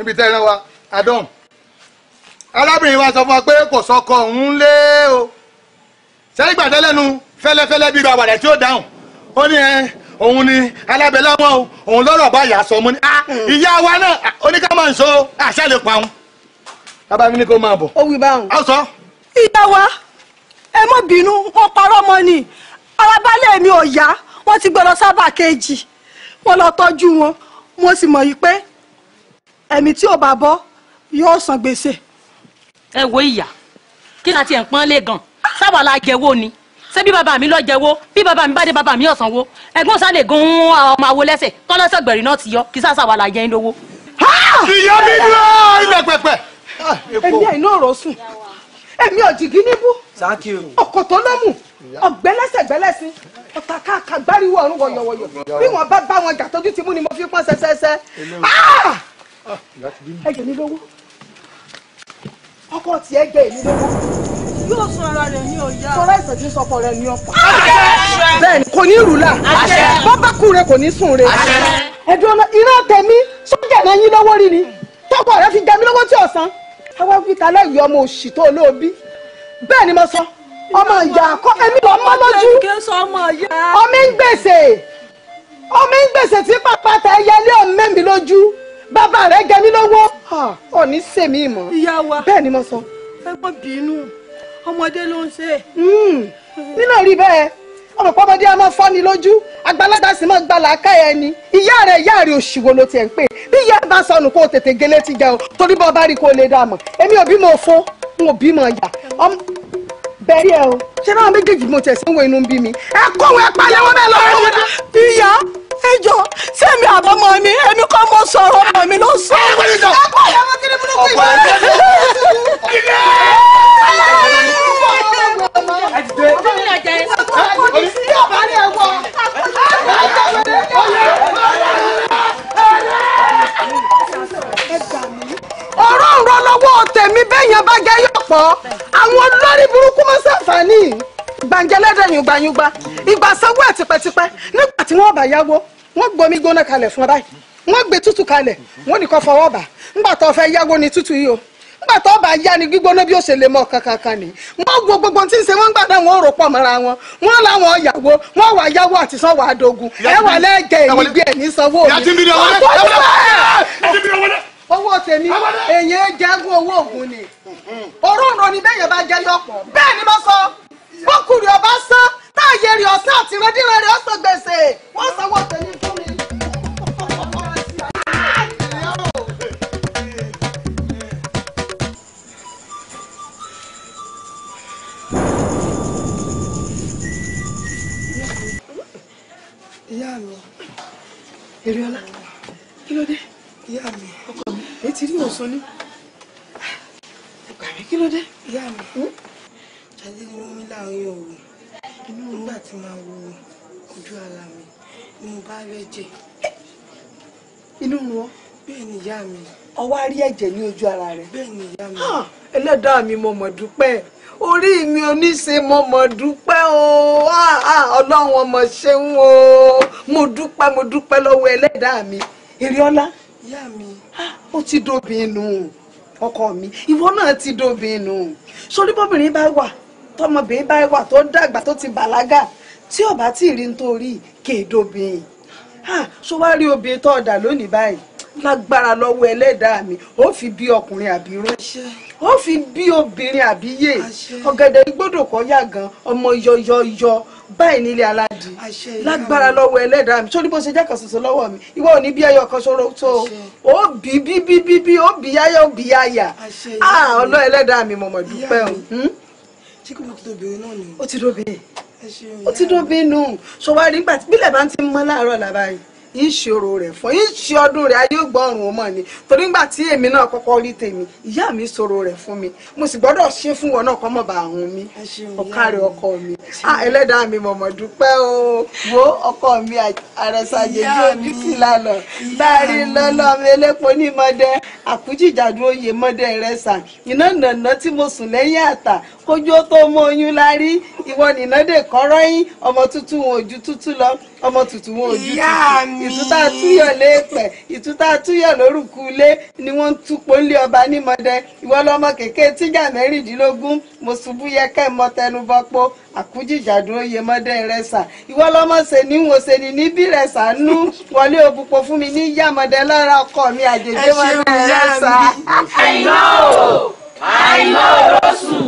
níbi tẹ́ ẹran wa adam arábìnrin wa sọ fún wa pé kò sọkọ òun lé o sẹ́yìn gbàdé lẹ́nu fẹ́lẹ́fẹ́lẹ́ bíi bàbàdà tí ó dáhùn ó ní ẹ òun ni alábẹ́lẹ́ wọn o òun lọ́rọ̀ bá ìyá sọ mo ní ah, ìyá wa náà oníkàmọ̀nsó àṣà lè pa òun. bàbá mi ní kó máa bọ̀. ó wí báwọn. a sọ. ìyá wa ẹ mọ bínú wọn parọ́ mọ́ ni arábálẹ̀ mi ò yá wọ́n ti gbọ́dọ̀ sábà kejì wọ́n lọ tọ́jú wọn mo sì mọ̀ yìí pé ẹ̀mí tí ò bá bọ́ yóò san gbèsè. ẹ wo ìyá kí láti ẹ̀ ń pọ́n lé gan sábà la jẹ́wọ́ ni ṣé bí bàbá mi lọ jẹ́wọ́ bí bàbá mi bá dé bàbá mi ọ̀sán wo ẹ̀gbọ́n sálẹ̀ gan ọmọ àwo lẹ́sẹ̀ tọ́lọ́sẹ̀ gbẹ̀rì náà ti yọ kí sáà sábà la jẹ́ ń lówó. ìyá mi dúró ilẹ̀ pẹ̀pẹ̀. Ah, èmi àìná ọ̀rọ̀ sùn èmi ọ̀jìgí níbú ọkọ̀ tó lọ́mù ọ̀gbẹ́lẹ́sẹ̀gbẹ́lẹ́sìn ọ̀tà káàkà gbáríwọ̀ ọ̀run wọ̀yọ̀wọ̀yọ̀ bí wọ́n bá bá wọn jà tójú ti mú ni mo fi pọ́n ṣẹṣẹṣẹ ẹgbẹ́ mi lówó ọkọ tí ẹ gbẹ èmi lówó. yóò sọ ara rẹ ní ọjà. sọlá ìsọjí sọpọ rẹ ní ọ̀pọ̀. bẹ́ẹ̀ni kò ní rúlà bọ́bá kú rẹ kò ní sùn rẹ. ẹ̀dùn ọ̀nà iná tẹ̀mí sójà náà yín lọ́wọ́ rí ni tọ́kọ rẹ fi jẹmí lọ́wọ́ tí ò san. àwa fi kalẹ̀ yọ ọmọ òṣì tó olóòbí bẹ́ẹ̀ ni mo sọ ọmọ ìyá kọ́ ẹ̀mí lọ́ mọ́ lójú ọmọ ń gbèsè ọmọ ń gbèsè tí pàpà tẹ̀ yẹlé ọ̀mẹ́mi lójú bàbá rẹ̀ jẹ mí lówó ọ̀ní sèmi mọ́. ìyá wa bẹ́ẹ̀ ni mo sọ. ẹ mọ bínú ọmọdé ló ń ṣe. Hmm, nínú rí bẹ́ẹ̀ ọmọ pọ́mọdé a máa fọ́ni lójú àgbàlagbà sì máa gbalà ká ẹ ni ìyá rẹ̀ ìyá rẹ̀ òṣìwò ló tiẹ̀ ń pè bí ìyá bá sọnù kó o tètè gélé ti jẹun torí bọ́ bá rí kó o lè dà mọ̀ èmi ò bímọ òfo n ò bímọ ìyá bẹ̀rẹ̀ ẹ o ṣé náà méjèèjì mo tẹ̀ sínú inú bí mi. ẹ kó wọn ẹ palẹ̀ wọn bẹ́ẹ̀ lọ́wọ́ ìyá ẹjọ́ sẹ́mi àbọ̀mọ́ mi èmi kọ́ sọ̀rọ̀ ọmọ mi ló sọ. ọkọ yẹn mo kiri burúkú yìí. ọkọ yẹn mo kiri ọ̀rọ̀ ọ̀rọ̀ lọ́wọ́ tèmi bẹ́ẹ̀ yẹn bá jẹ́ yọ̀pọ̀ àwọn olórí burúkú máa ń ṣàǹfààní gbanjẹlẹdẹ yùngbanyùngba ìgbà sanwó ẹ tipẹ́tipẹ́ nígbà tí wọ́n bá yáwó wọ́n gbomi gbóná kalẹ̀ fún ọ báyìí wọ́n gbé tútù kalẹ̀ wọ́n fọwọ́ bà tó fẹ́ ni tútù yìí o ńgbà tó yá ni gbígbóná bí ó ṣe lè ni wọ́n wo gbogbo tí ń ṣe wọ́n gbà rò pọ̀ mọ́ra wọn wọ́n láwọn yàwó wọ́n wà yáwó àti wà ẹ wà lẹ́gẹ̀ èyí bí ẹ̀ ní sanwó mi sọ bókùrì ọba wọ́n sanwó tèmi ìyá mi èrè ọlá kí ló dé ìyá mi ọkọ mi èyí ti rí òsùn ní ẹgbà mi kí ló dé ìyá mi ṣáájú hm? ni wọn mi láàrin òru inú nígbà tí màá wo ojú ara mi ni mo bá rí ẹ̀jẹ̀ inú wọn bẹ́ẹ̀ ni ìyá mi ọwọ́ á rí ẹ̀jẹ̀ ní ojú ara rẹ̀ bẹ́ẹ̀ ni ìyá mi ẹlẹ́dàá mi mo mọ̀ dúpẹ́ orí mi oníṣe mo mọ̀ dúpẹ́ o ah, ah, ọlọ́run ọmọ ṣeun o mo dúpẹ́ mo dúpẹ́ lọ́wọ́ ẹlẹ́dàá mi Eriola ìyá mi ah, ó ti dóbin nù ọkọ mi ìwọ náà ti dóbin nù sórí bóbìnrin bá wà tọmọbìnrin bá wà tó dàgbà tó ti bàlágà tí ọba tí ì rí nítorí kéèdóbin ṣó wá rí obìnrin tó ọ̀dà lónìí báyìí lágbára lọ́wọ́ ẹlẹ́dàá mi ó fi bí ọkùnrin àbí ránṣẹ́ ó fi bí obìnrin àbíyè ọ̀gẹ̀dẹ̀ igbódò kọ́ yà gan ọmọ yọyọyọ báyìí nílé aládìí lágbára lọ́wọ́ ẹlẹ́dàá mi sórí bó ṣe jẹ́ kan ṣoṣo lọ́wọ́ mi ìwọ ò ní bí ẹyọ kan ṣòro tó ó bí bí bí bí bí ó bí yáyà ó bí yáyà ah, ọlọ́ ẹlẹ́dàá mi mọ̀mọ̀ dúpẹ́ o. Hmm? ṣé ti dóbi náà ni. ó ti dóbi ó ti dóbi nù ṣọwárí nígbà tí bílẹ̀ bá ń ti mọ́ láàárọ̀ làbáyìí ìṣòro rẹ̀ fún ìṣe ọdún rẹ̀ ayé gbọ́rùn ọmọ ni torí ńgbà tí èmi náà kọ́kọ́ rí tèmi ìyá mi sọ̀rọ̀ rẹ̀ fún mi mo sì gbọ́dọ̀ ṣe fún wọn náà kọ́ mọ̀ bá àwọn mi ọ̀kárẹ̀ ọkọ mi ah, ẹlẹ́dàá mi mọ̀mọ̀ dúpẹ́ o wo ọkọ mi àrẹ̀sàjẹ̀ bí òbíkì lálọ́ báàrí lọ́lọ́mi elépo ní mọ́dẹ́ àkújìjàdú oyè mọ́dẹ́ rẹ̀ sà iná nànà tí mo sùn lẹ́yìn àtà kójú ó tó mọ oyún lárí ìwọ nìnà dè kọ́rọ́yìn ọmọ tuntun òjú tuntun lọ ọmọ tuntun wọn ojú tuntun ìtúta túyọ̀ lẹ́pẹ̀ ìtúta túyọ̀ lórúkú ilé ni wọ́n ń túpọ̀ ńlé ọba nímọ̀dẹ ìwọ kéèké tíjà mẹ́rìndínlógún mo ṣubú yẹkẹ́ mọ tẹnubọ́pọ̀ àkújìjàdùn oyè mọ́dẹ rẹ̀sà ìwọ ṣe ní wo ṣe ní níbí rẹ̀sà nú wọlé òbúpo fún mi ní yàmọ̀dẹ lára ọkọ mi àjèjì mọ́dẹ rẹ̀sà. àìná o àìná òrosùn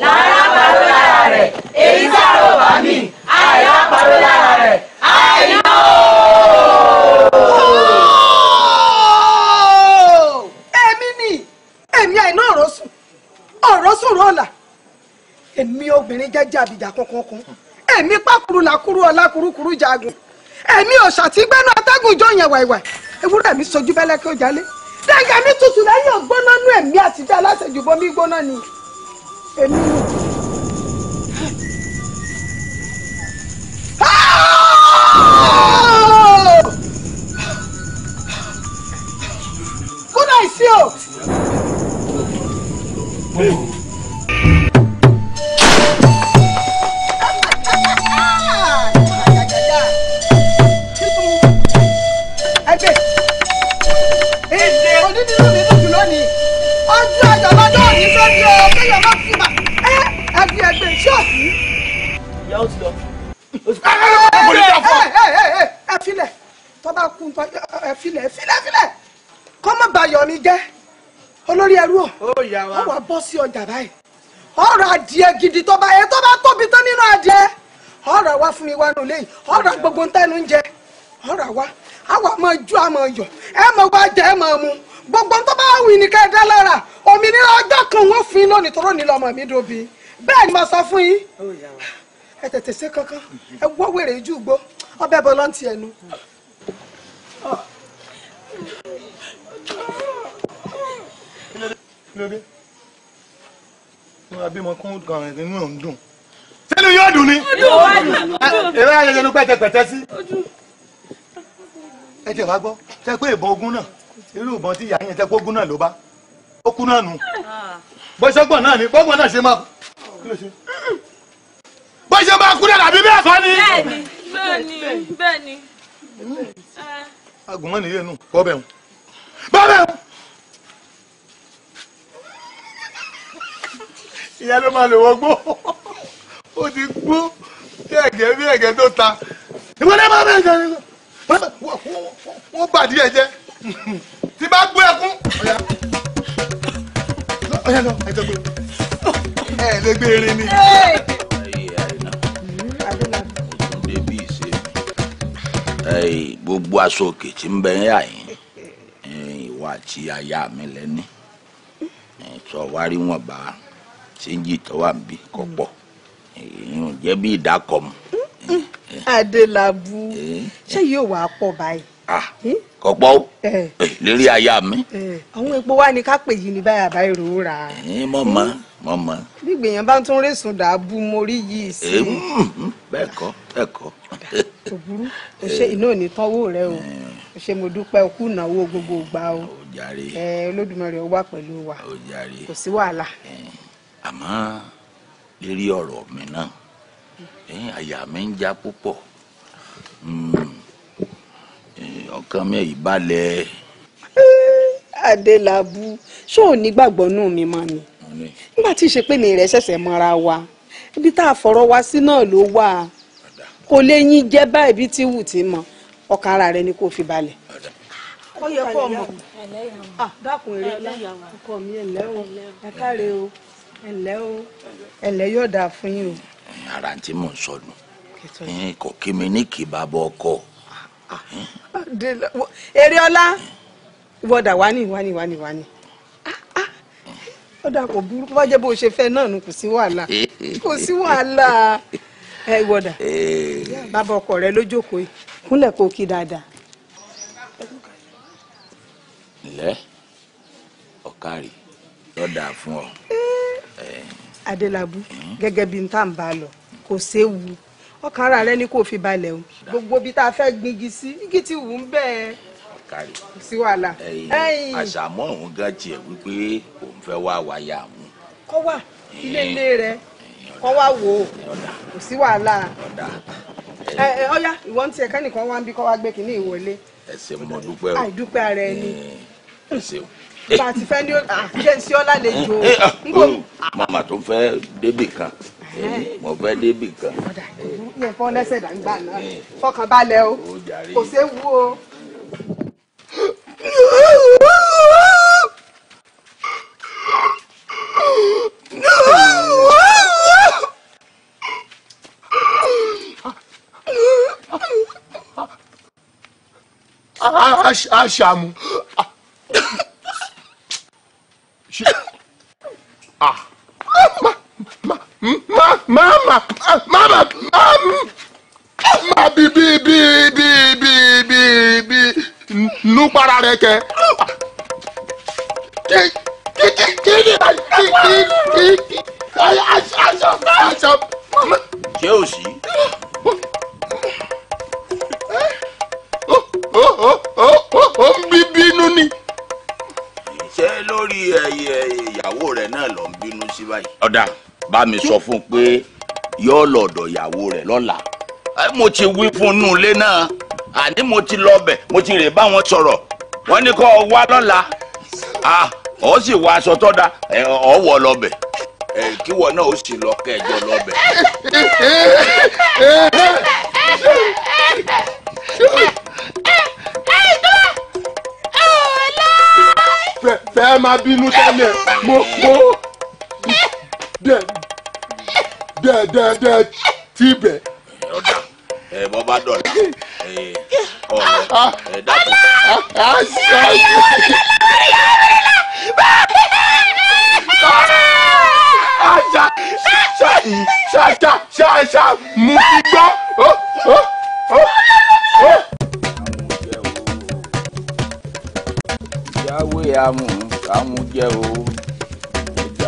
lára parọ́ lára rẹ̀ èyí sára ò bá mi àìyá parọ́ lára rẹ̀ àìyá ooo. èmi ni èmi àìná ọ̀rọ̀ sùn ọ̀rọ̀ sùn rọ̀ọ̀là èmi obìnrin jẹ́jẹ́ àbíjà kankan èmi pákúrú làkúrú ọ̀la kúrúkúrú jagun èmi ò ṣàtìgbẹ́nu atẹ́gùn ìjọ yẹn wàìwàì ewúrẹ́ mi sojú bẹ́lẹ́ kí ó jalè dẹ́gẹ́ mi tutù lẹ́yìn ògbóná nú ẹ̀mí àtijọ́ aláṣẹjù bomi gbóná ni èmi ni. kódà ìsí o. ẹgbẹ́ èdè onídìrí lónìí ọjọ́ àjàlá náà ní sọ́ni o kéèyàn má fi bà ẹ àti ẹgbẹ́ ṣọ́ọ̀ṣì. ìyá ó ti lọ. mo ní ìjà fún ọ. ẹ filẹ̀ tó bá kú ẹ filẹ̀ filẹ̀ filẹ̀ kọ́ mọ̀ bàyọ̀ mi jẹ́ olórí ẹrú ọ̀ ọ wà bọ́ sí ọjà báyìí ọ̀rọ̀ adìẹ gidi tó bá yẹ tó bá tóbi tán nínú adìẹ ọ̀rọ̀ wá fún mi wá nù léyìí ọ̀rọ̀ gbogbo ń tẹnu ń jẹ ọ̀rọ̀ wá àwọn ọmọ ijó àmọ̀ ọ̀yọ̀ ẹ mọ̀ wá jẹ ẹ mọ̀ mu gbogbo tó bá wù ní ká ẹ dá lára òmìnira ọjọ́ kan wọ́n fún yín lónìí tó lónìí lọ́mọ mi dòbí bẹ́ẹ̀ ni mo sọ fún yín ẹ tètè ṣe kankan ẹ wọ́ wèrè ojú igbó ọbẹ̀ bọ́ lọ́ntì ẹnu. kílódé wọn abímọ kún kan nínú ẹ̀ ń dùn sínú yóò dùn ni èrè ayẹyẹ ló pẹ́tẹ́pẹ́tẹ́ sí ẹ jẹ́ wá gbọ́ ṣe pé ìbọn ogun náà irú ìbọn tí ìyá yẹn tẹ́ gbógun náà ló bá ó kú náà nù bọ́sọ́gbọ̀n náà ni bọ́gbọ̀n náà ṣe máa kú ló ṣe bó ṣe máa kú náà àbí bẹ́ẹ̀ kọ́ ni. bẹ́ẹ̀ni bẹ́ẹ̀ni bẹ́ẹ̀ni. agùnmọ́ nìyẹn nù bọ́ bẹ̀rù bọ́ bẹ̀rù. ìyá ló máa lè wọgbó ó ti gbó bí ẹ̀gẹ́ bí ẹ̀gẹ́ tó ta ìwọlé máa bẹ̀rẹ̀ jẹ́ wọ́n bàdí ẹ̀ tí bá gbé ẹkún. ọ̀yà lọ ẹ tẹ́gbẹ́ ẹ lè gbé erin ni. gbogbo aṣọ òkè tí ń bẹ yà yín eh, ìwà àti aya mi lẹ́ni eh, sọ wá rí wọn bá ṣéǹjì tó wà ń bí kọ́pọ̀ èèyàn eh, jẹ́ bí ìdákọ̀mù. Adélabú ṣé yóò wá pọ̀ báyìí. Ah, eh? kò pọ̀ o eh. Eh, lérí aya mi. àwọn epo wa ni ká pè yìí ní báyà bá èrò rà. mọ̀ mọ̀ hmm. mọ̀ mọ̀. bí gbèyàn bá tún rè sùn dàbú mórí yìí sí. Hmm, hmm, bẹ́ẹ̀ kọ́ bẹ́ẹ̀ kọ́. kò burú o ṣe iná ò ní tánwó rẹ o o ṣe mo dúpẹ́ o kú ìnáwó gbogbo ìgbà o olódùmarè ó wà pẹ̀lú wa kò sí wàhálà. àmọ́ lérí ọ̀rọ̀ mi náà àyà mi ń já púpọ̀ ọkàn mi yìí balẹ̀. adélábù ṣó o nígbàgbọ́ nù mí mọ́ ni nígbà tí ìṣepé mi rẹ̀ ṣẹ̀ṣẹ̀ mọ́ra wa ibi tá a fọ̀rọ̀ wa sí náà ló wà kò lè yín jẹ́ báyìí bí tí wù tí mọ́ ọkàn ara rẹ ni kò fi balẹ̀ ó yẹ kó mọ dákun eré ọkọ mi ẹlẹ o ẹ káre o ẹlẹ o ẹlẹ yóò dáa fún yín o. ara tí mò ń kò kí mi ní kì bá bọ ọkọ èrè ọlá wọ́dà wá ní ìwá ní ìwá ní ìwá ní ọ̀dà ah, ah. kò burú bá jẹ́ bó ṣe fẹ́ náà nù kò sí wàhálà kò sí wàhálà ẹ wọ́dà bàbá ọkọ rẹ ló jókòó kúnlẹ̀ kó kí dáadáa. ǹlẹ́ ọ̀kárì lọ́dà fún ọ. Eh, Adélabú hmm? gẹ́gẹ́ bí n tá n bá lọ kò séwu ọkàn ara rẹ ni kò fi balẹ̀ o gbogbo ibi tá a fẹ́ gbin igi sí igi ti wù ú bẹ́ẹ̀ kárí. sí wàhálà. ẹyin àṣàmọ́ òun gan tiẹ̀ wípé òun fẹ́ wá wáyà òun. kọ́ wà ilé ilé rẹ kọ́ wà wò ó kò sí wàhálà. ẹ ìwọ ń tiẹ̀ kẹ́nìkan wá ń bí kọ́ wá gbé kínní ìwọlé. ẹ mo dúpẹ́ o àìdúpẹ́ ara ẹni. bá a ti fẹ́ ní àjẹsí lè jò ó. màmá tó ń fẹ́ débì kan mo fẹ́ débì kan. yẹn fọ́n lẹ́sẹ̀ dàgbà náà fọkàn balẹ̀ o kò séwu o. aṣàmù mama mama mama bi bi bi bi bi bi bi nu para rẹ kẹ. kí kí kí kí ni kí kí kí aṣọ aṣọ. ṣé o sí. ó ń bí bínú ni. ṣé lórí ìyàwó rẹ náà ló ń bínú sí báyìí. ọ̀dà bá mi sọ fún un pé yóò lọ́dọ̀ ìyàwó rẹ̀ lọ́la mo ti wí fún inú ilé náà àní mo ti lọ bẹ̀ mo ti rè báwọn sọ̀rọ̀ wọ́n ní kó o wá lọ́la ó sì wọ aṣọ tó da ọ̀ wọ̀ lọ bẹ̀ kí wọn náà ó sì lọ kẹjọ lọ bẹ̀. fẹ́ẹ́ máa bínú tẹ́lẹ̀ mo mo dẹ dẹ dẹ dẹ ti bẹ. ẹ bọ́ bá dọ̀la ọ̀rọ̀ ẹ dábò. Ṣá ṣá ṣá ṣá ṣá mú mi gbọ́. Yàwé amú kàmú jẹ́ o.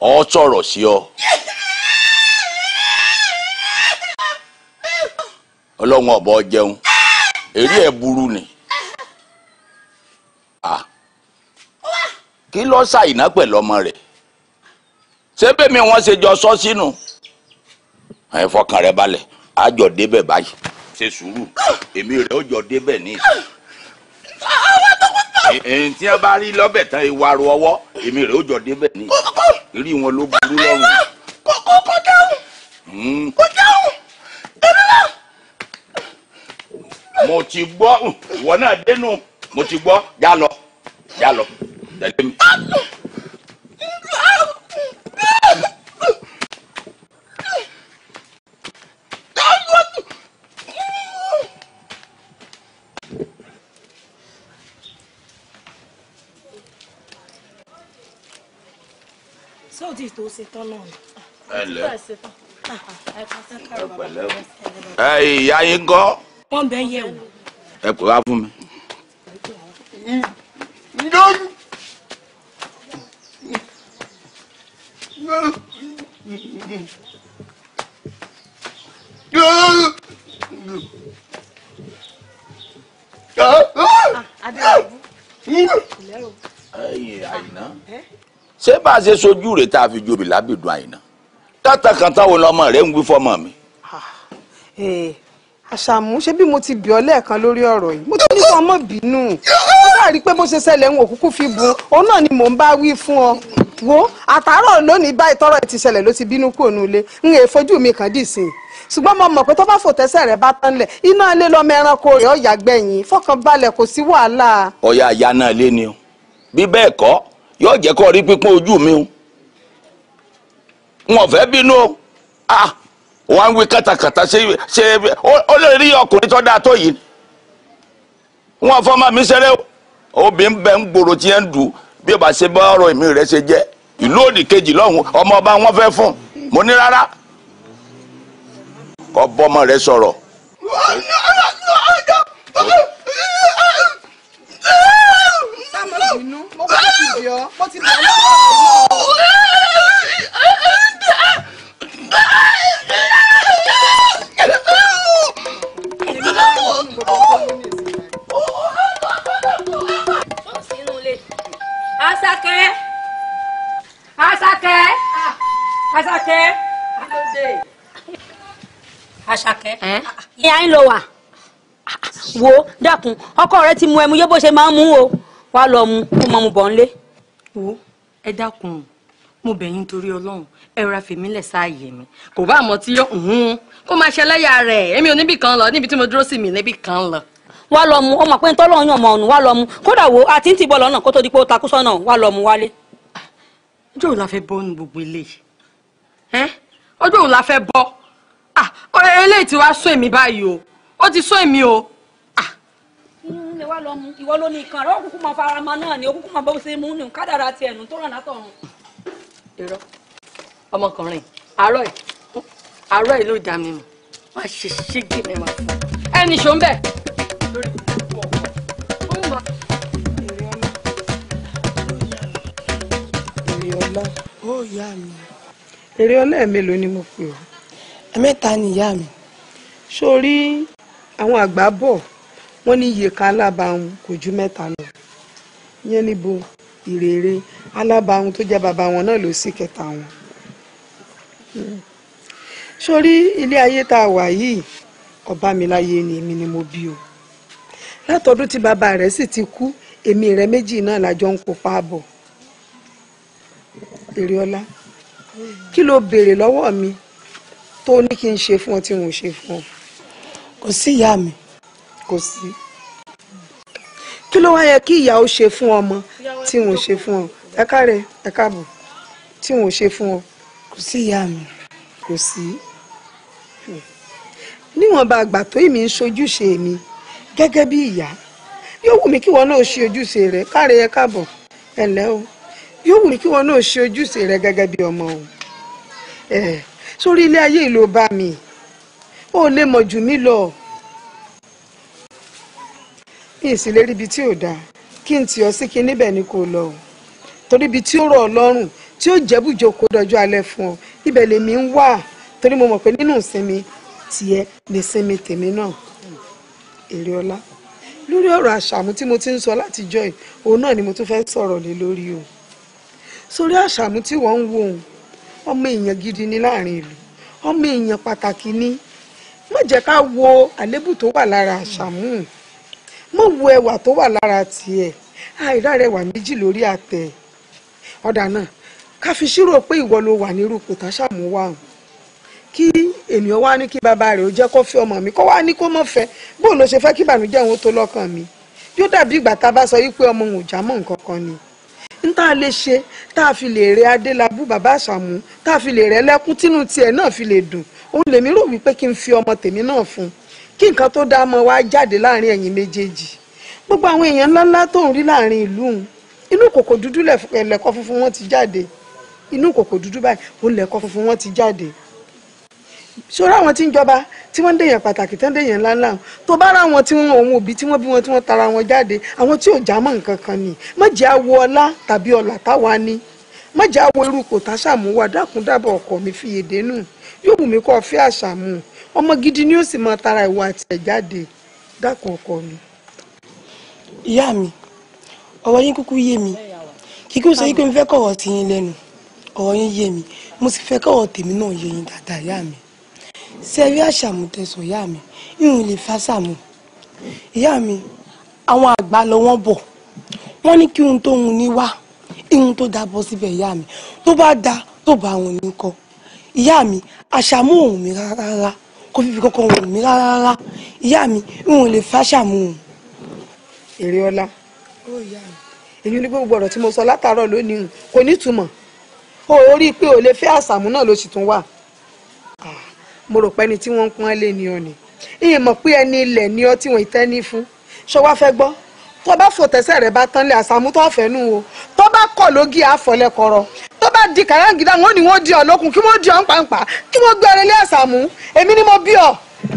ọ sọ̀rọ̀ sí ọ. ọlọ́run ọ̀bọ jẹun èrè ẹ̀ burú ni. kí ló ṣàìná pẹ̀lú ọmọ rẹ̀ sébèmí wọn ṣe jọ sọ sínú ẹ fọkàn rẹ balẹ̀ àjọ débẹ̀ báyìí ṣe sùúrù èmi rẹ̀ ó jọ débẹ̀ ní ìsìn. èyí tí wọn bá rí lọ́bẹ̀ tán ìwárò ọwọ́ èmi rẹ̀ ó jọ débẹ̀ ní ìsìn eré wọn ló burú lọ́rùn. kò kò kò dáhùn hmm. kò dáhùn èmi náà. mo ti gbọ́ ìwọ náà dénú mo ti gbọ́ já lọ já lọ tẹ̀lé mi. sóòtì tó ṣe tán náà ni. ẹ lẹ ẹ pẹ̀lẹ́ o ẹ ìyá yín gọ. wọn bẹ yẹ o. ẹ pè wá fún mi. bá a ṣe sojú rẹ̀ tá a fi jobi lábìdún àyìnà kátàkàtà wo lọmọ rẹ̀ ń wí fọmọ mi. àṣàmú ṣé bí mo ti bì ọ́ lẹ́ẹ̀kan lórí ọ̀rọ̀ yìí mo ti ní kí bínú ó pé bó ṣe ṣẹlẹ̀ ń òkúkú fi bu òun náà ni mò ń bá wí fún ọ wo àtàárọ̀ lónìí báyìí tọrọ ti ṣẹlẹ̀ ló ti bínú kúrò nílé ń lè fojú mi kàn dì sí i ṣùgbọ́n mo mọ̀ pé tó bá fòtẹ́sẹ̀ rẹ̀ bá tán lẹ̀ iná ilé lọ́mọ ẹranko rẹ̀ ọ̀yà gbẹ̀yìn fọkànbalẹ̀ kò sí wàhálà. ọ̀yà àyà náà lé ni o bí bẹ́ẹ̀ kọ́ yóò jẹ́ kó rí pípọ́n ojú mi o wọn fẹ́ bínú a ah, wọn wí ṣe ṣe ó lè rí ọkùnrin tó dáa tó yìí wọn mi ṣeré o obìnrin bẹ ń gbòòrò tí ẹ ń dù bí bá ṣe bá ọrọ ìmí rẹ ṣe jẹ ìlú òdì kejì wọn fún mo ní rárá kọ bọmọ rẹ má bínú mo kọ́ ti bì ọ́ mo ti bì ọ́ Àṣàkẹ́ Àṣàkẹ́ Àṣàkẹ́ Àṣàkẹ́ ìyá ń lọ wà wo dákun ọkọ rẹ ti mu ẹmu yóò bó ṣe máa ń mú o. wá lọ mu kó mọ́ mu bọ̀ wo ẹ dákun mo torí ọlọ́run ẹ ra fèmí sáàyè mi kò bá àmọ́ tí yọ kó máa ṣe rẹ̀ èmi ò níbì kan lọ níbi tí mo dúró sí mi níbì kan lọ. wá lọ mu ọmọ pé ọ̀nù wá kódà wo àti ń ti bọ̀ lọ́nà kó tó di pé ó takú sọ́nà wá lọ mu wálé. ọjọ́ lè wá lọ mu ìwọ ló ní ìkan rẹ òkùnkùn máa fara ma náà ni òkùnkùn máa bọ́ sí mú nù kádàrà tiẹ̀ nù tó ràn látọ̀run. irọ́ ọmọkùnrin àárọ̀ ẹ̀ àárọ̀ ẹ̀ ló dá mi mọ̀ wá ṣe ṣégi mi máa fún ẹ ní ṣó ń bẹ̀. èrè ọlá ẹ̀ mélòó ni mo pè ọ́ ẹ̀mẹ́ta ni ìyá mi sórí àwọn àgbà bọ̀ wọ́n ní iye kan alábàáhùn kò ju mẹ́ta lọ yẹn níbo ìrèrè alábàáhùn tó jẹ́ bàbá wọn náà ló sì kẹta wọn. sórí ilé ayé tá a wà yìí ọba mi láyé ni èmi ni mo bí o látọdún tí bàbá rẹ̀ sì ti kú èmi rẹ̀ méjì náà lájọ ń kópa bọ̀ èrèọlá kí ló béèrè lọ́wọ́ mi tó ní kí n ṣe fún ọ tí n ò ṣe fún ọ. kò sí ìyá mi kò sí kí ló wá yẹ kí ìyá ó ṣe fún ọmọ tí wọn ò ṣe fún ọ ẹ káre ẹ káàbọ̀ tí wọn ò ṣe fún ọ kò sí ìyá mi kò sí. níwọ̀nba àgbà tó èmi ń ṣojúṣe mi gẹ́gẹ́ bí ìyá yóò wù mí kí wọn náà ṣe ojúṣe rẹ káre ẹ káàbọ̀ ẹ ǹlẹ́ o yóò wù mí kí wọn náà ṣe ojúṣe rẹ gẹ́gẹ́ bí ọmọ o sórí ilé ayé ìlú bá mi ò lè mọ̀ jù mí lọ ìsìlérí ibi tí ò dáa kí n tì ọ́ sí kí níbẹ̀ ni kò lọ o torí ibi tí ó rọ̀ ọ́ lọ́rùn tí ó jẹ́ bùjókòó dọjọ́ alẹ́ fún ọ ibẹ̀ lèmi ń wà torí mo mọ̀ pé nínú ìsinmi tiẹ̀ lè sinmi tèmi náà èrè ọlá lórí ọ̀rọ̀ àṣàmú tí mo ti ń sọ látijọ́ yìí òun náà ni mo tún fẹ́ sọ̀rọ̀ lé lórí o sórí àṣàmú tí wọ́n ń wo òun ọmọ èèyàn gidi ni láàrin ìlú ọmọ èèyàn pàtàkì ni wọ́n jẹ́ ká wo àlébù tó wà lára àṣàmú. Mm mo wo ẹwà tó wà lára tiẹ̀ àìrá rẹ wà méjì lórí àtẹ ọ̀dà náà ká fi ṣírò pé ìwọ ló wà nírú kò tá ṣàmúwà o kí ènìyàn wá ní kí bàbá rẹ̀ ó jẹ́ kó fẹ́ ọmọ mi kó wá ní kó mọ̀ fẹ́ bó ló ṣe fẹ́ kí ìbànújẹ́ òun tó lọ́kàn mi yóò dàbí ìgbà tá a bá sọ wípé ọmọ òun ò já mọ́ nǹkan kan ni n tá a lè ṣe tá a fi lè rẹ adélábù bàbá àṣàmú tá a fi lè rẹ lẹ́kún tínú tiẹ̀ náà fi lè dùn òun lèmi rò wípé kí n fi ọmọ tèmi náà fún un kí nǹkan tó dáa mọ́ wá jáde láàrin ẹ̀yin méjèèjì gbogbo àwọn èèyàn ńláńlá tó ń rí láàrin ìlú òun inú kòkò dúdú lẹ̀kọ́ funfun wọn ti jáde inú kòkò dúdú báyìí ó lẹ̀kọ́ funfun wọn ti jáde ṣòro àwọn tí ń jọba tí wọ́n ń dèèyàn pàtàkì tán dèèyàn ńláńlá tó bá ra àwọn tí wọ́n òun òbí tí wọ́n bí wọn tí wọ́n tara wọn jáde àwọn tí ò já mọ́ nǹkan kan ni má jẹ́ àwọ ọlá tàbí ọlà táwa ni má jẹ́ àwọ irú kò tá sàmúwà dákúndàbọ̀ ọkọ mi fi èdè nù yóò wù mí kọ́ fẹ́ àṣàmù ọmọ gidi ni ó sì máa tara ìwà àtẹ̀ jáde dákun ọkọ mi. ìyá mi ọ̀rọ̀ yín kúkú yé mi kíkú sọ yín pé mo fẹ́ kọ̀rọ̀ sí yín lẹ́nu ọ̀rọ̀ yín yé mi mo sì fẹ́ kọ̀rọ̀ tèmi náà yé yín dáadáa ìyá mi sẹ́rí àṣàmù tẹ̀sán ìyá mi ìhùn lè fa sàmù ìyá mi àwọn àgbà lọ wọ́n bọ̀ wọ́n ní kí ohun tó hun ní wá ihun tó da bọ́ síbẹ̀ ìyá mi tó bá da tó bá hun ní kọ ìyá mi àṣàmù òun mi rárá rárá kò fífi kankan wò mí rárá ìyá mi n lè fáṣà èrè ọlá èyí ni gbogbo ọ̀rọ̀ tí mo sọ látàárọ̀ lónìí kò ní ìtumọ̀ o rí i pé o lè fẹ́ àṣàmú náà ló sì tún wà mo rò pé ẹni tí wọ́n ń pọ́n lé ni ọ ni ìyẹn mọ̀ pé ẹni ilẹ̀ ni ọ tí wọ́n tẹ́ ní fún ṣọ wá fẹ́ gbọ́ tó bá fòtẹ́sẹ̀ rẹ̀ bá tán lé àṣàmú tó fẹ́ nù o tó bá kọ̀ lógì àfọlẹ́kọ̀rọ̀ di kàràǹgídá wọn ò ní wọn di ọ lókun kí wọn di ọ ńpàǹpà kí wọn gbé ọ lélẹ àṣàmú èmi ni mo bí ọ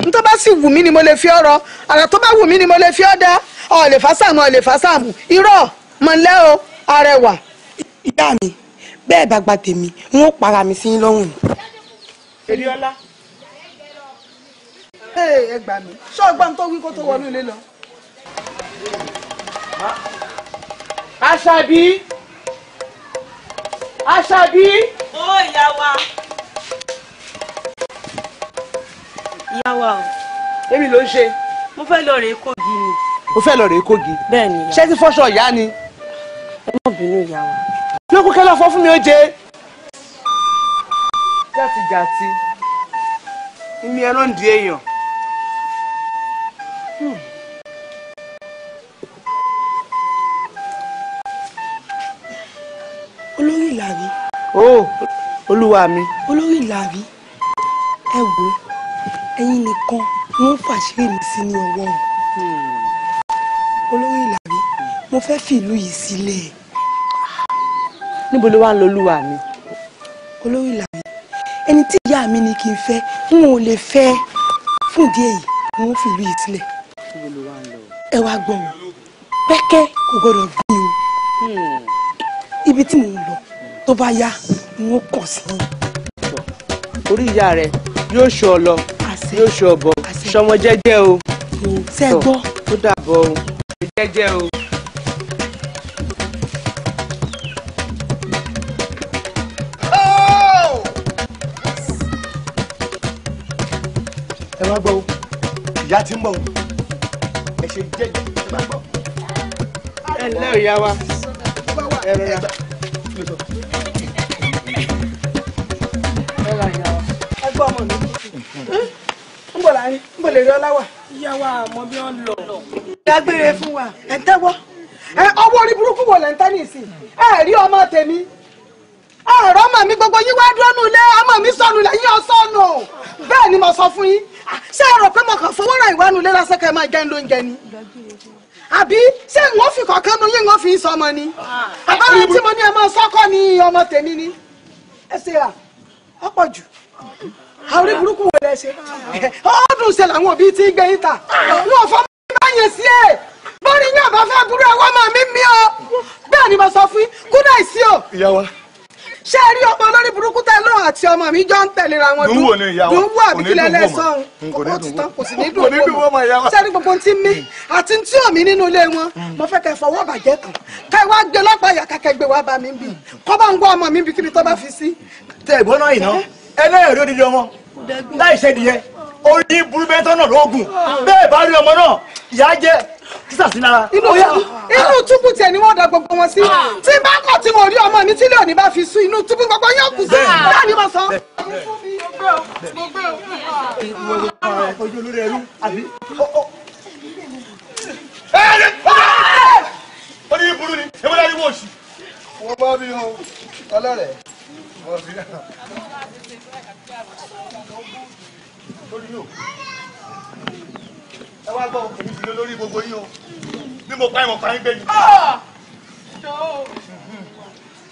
ntọ́ bá sì wù mí ni mo lè fi ọ rọ àrà tó bá wù mí ni mo lè fi ọ dá ọ lè fà sàmù ọ lè fà sàmù irọ́ mọ̀nlẹ́ o arẹwà. ìyá mi bẹ́ẹ̀ bá gba tèmi n ó para mi sí lọ́rùn ni. eriola. ee ẹ gbà mí ṣé ọgbọ́n tó wí kó tó wọnú ilé lọ. àṣàbí. Àṣàbí. Ó ìyá wa. Ìyá wa o. Èmi ló ń ṣe. Mo fẹ́ lọ rèé kogi. ni. Mo fẹ́ lọ rèé kógi. Bẹ́ẹ̀ni ìyá. Ṣé ti fọ́ṣọ ìyá ni? Ẹ má bínú ìyá wa. Lókùn kẹ́lọ́ fọ́ fún mi ó jẹ. Jàtijàti. Ìmí ẹran ń di èèyàn. olúwa mi. olórí ìlàrí ẹ wo ẹ̀yin nìkan wọn fàṣírí mi sí ní ọwọ́ o hmm. olórí ìlàrí mo fẹ́ fi ìlú yìí sílẹ̀. níbo ló wá ń lọ olúwa mi. olórí ìlàrí ẹni tí ìyá mi ni kì í fẹ́ n ò lè fẹ́ fún ìdí èyí wọn fi ìlú yìí sílẹ̀. ẹ wá gbọ́ wọn pẹ́kẹ́ kò gbọ́dọ̀ gbé o hmm. ibi tí mò ń lọ tó bá yá n ó kàn sí i. orí ìyá rẹ yóò ṣọ ọ lọ yóò ṣọ ọ bọ ṣọmọ jẹ́jẹ́ o. ṣe ó dàbọ̀ o jẹ́jẹ́ o. ẹ wá gbọ́ ìyá ti ń bọ̀ o ẹ ṣe jẹ́jẹ́ ẹ bá gbọ́. ẹ lẹ́ òyà wa ẹ rẹ̀ ya. gbọ́ ọmọ mi ń láàrin ń lè rí ọlá wà. ìyá wa àmọ́ bí wọ́n lọ. dágbére fún wa ẹ̀ ń tẹ́wọ́ ọwọ́ orí burúkú wò lẹ́ ń tẹ́ nìsín rí ọmọ tèmi ọ̀rọ̀ ọmọ mi gbogbo yín wá dúró nù lé ọmọ mi sọnù bẹ́ẹ̀ ni mo sọ fún yín ṣé ẹ rò pé mo kàn fowó nù lé lásán kẹ́ máa lóúnjẹ ni àbí ṣé n fi kọ̀ọ̀kan nu yín n fi sọ ọmọ ni àbára tí mo ní ni ọmọ tèmi ni ẹ ṣe à jù. àwọn burúkú wo lẹ ṣe ọdún ṣe làwọn òbí ti ń gbé yín ta wọn fọ mi bá yẹn sí ẹ bọ́ọ̀rì ní àbáfẹ́ burú ẹ̀ wọ́n máa mí mí o bẹ́ẹ̀ ni mo sọ fún kúndà ìsí o. ìyá wa ṣé ẹ rí ọmọ olórí burúkú tẹ lọ́wọ́ àti ọmọ mi jọ ń tẹ̀léra wọn dùn dùn wọ àbíkílẹ̀ lẹ́sàn-án kò tí tán kò sì ní dùn wọ́n mọ̀ ṣé ní gbogbo tí mi àti tí omi nínú ilé wọn mm. mo fẹ́ kẹ́ fọwọ́ bàjẹ́ tán ká wá gbé lọ́pàá ìyá kakẹ́ gbé wá bá mi bì kọ́ bá ń gbọ́ ọmọ mi bí kíbi tó bá fi sí. tẹ ẹ̀gbọ́n náà yìí náà ẹlẹ́yìn rí odidi ọmọ láì ṣe nìyẹn orí burú bẹ́ẹ̀ tọ́nà lóògùn bẹ́ẹ̀ bá rí ọmọ náà ìyá jẹ́ sísà sí lára. inú túbú tiẹ̀ ni wọ́n da gbogbo wọn sí ah. tí bá kọ̀ tí mo rí ọmọ mi tí lè òní bá fi sùn inú túbú gbogbo yóò kù sí bẹ́ẹ̀ ni mo sọ. orí burú ni èwo láti wọ́ọ̀ṣì. wọ́n bá bí wọn ọlọ́rẹ̀ wọ́n bí wọn lórí ẹ wá gbọ́ èmi ti lórí gbogbo yín o bí mo pa ìmọ̀ pa yín gbẹ̀yìn.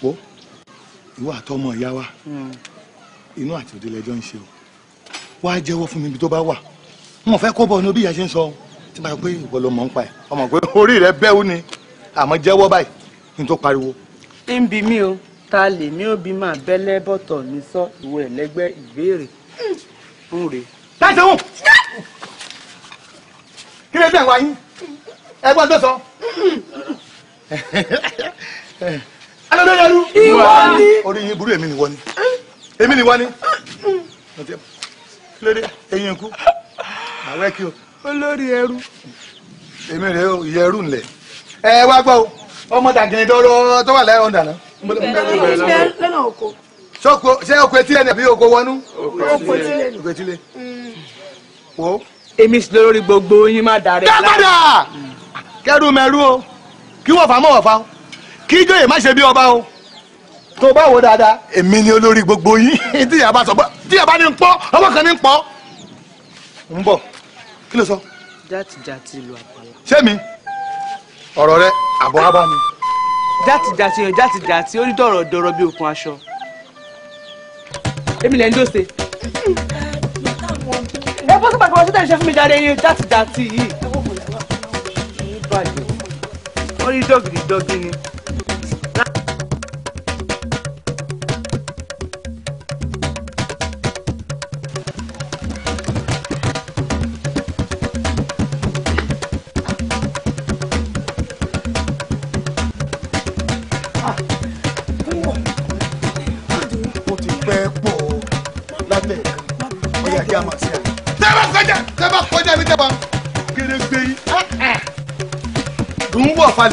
wo ìwọ àtọmọ ìyá wa inú àti òde lẹjọ ń ṣe o wá jẹ́wọ́ fún mi ibi tó bá wà wọn fẹ́ kó bọ̀ ní bí ìyá ṣe ń sọ tí bá yọ pé ìwọ ló mọ̀ ń pa ẹ̀ ọmọ pé orí rẹ bẹ́ẹ̀ ni àmọ́ jẹ́wọ́ báyìí ní tó pariwo. ń bi mí o ta lèmi ò máa bẹ́lẹ́ bọ̀tọ̀ ní sọ ìwọ ẹ̀lẹ́gbẹ́ ìbéèrè ń hmm, rèé láìsẹ̀wò kí lè bẹ̀ wá yín ẹgbọ́n tó sọ. alọ́dọ̀ yẹlu. ìwọ ni. orí yín burú èmi ni wọ́n ni èmi ni wọ́n ni lórí eyín kú àwẹ́ kí o. olórí ẹrú. èmi rè o ìyẹ ẹrú nlẹ. ẹ wá gbọ́ o ọmọ dàgìnrín dọ́rọ́ tó wà lẹ́yìn ọ̀dà náà. lọ́nà oko. ṣé oko etí ẹni àbí oko wọnú. oko etílé. oko etílé wo èmi sì lórí gbogbo yín má darẹ̀. dábàdà kẹrù mẹrù o kí wọ́fà mọ̀ wọ́fà o kí ìjòyè má ṣe bí ọba o tó bá wo dáadáa èmi ni olórí gbogbo yín tíyà bá sọ pé tíyà bá ní ń pọ́ ọwọ́ kan ní ń pọ́ ń bọ̀ kí ló sọ. játijàti ìlú àpàlà. ṣé ọ̀rọ̀ rẹ àbọ̀ wá bá mi. játijàti yan játijàti ó ní dọ̀rọ̀ dọ̀rọ̀ bí okùn aṣọ èmi lẹ́ńdọ́sẹ̀ àwọn títà ìṣe fún mi jáde yín játìjàtì yìí. orí dọ́gìrì dọ́gìrì ni.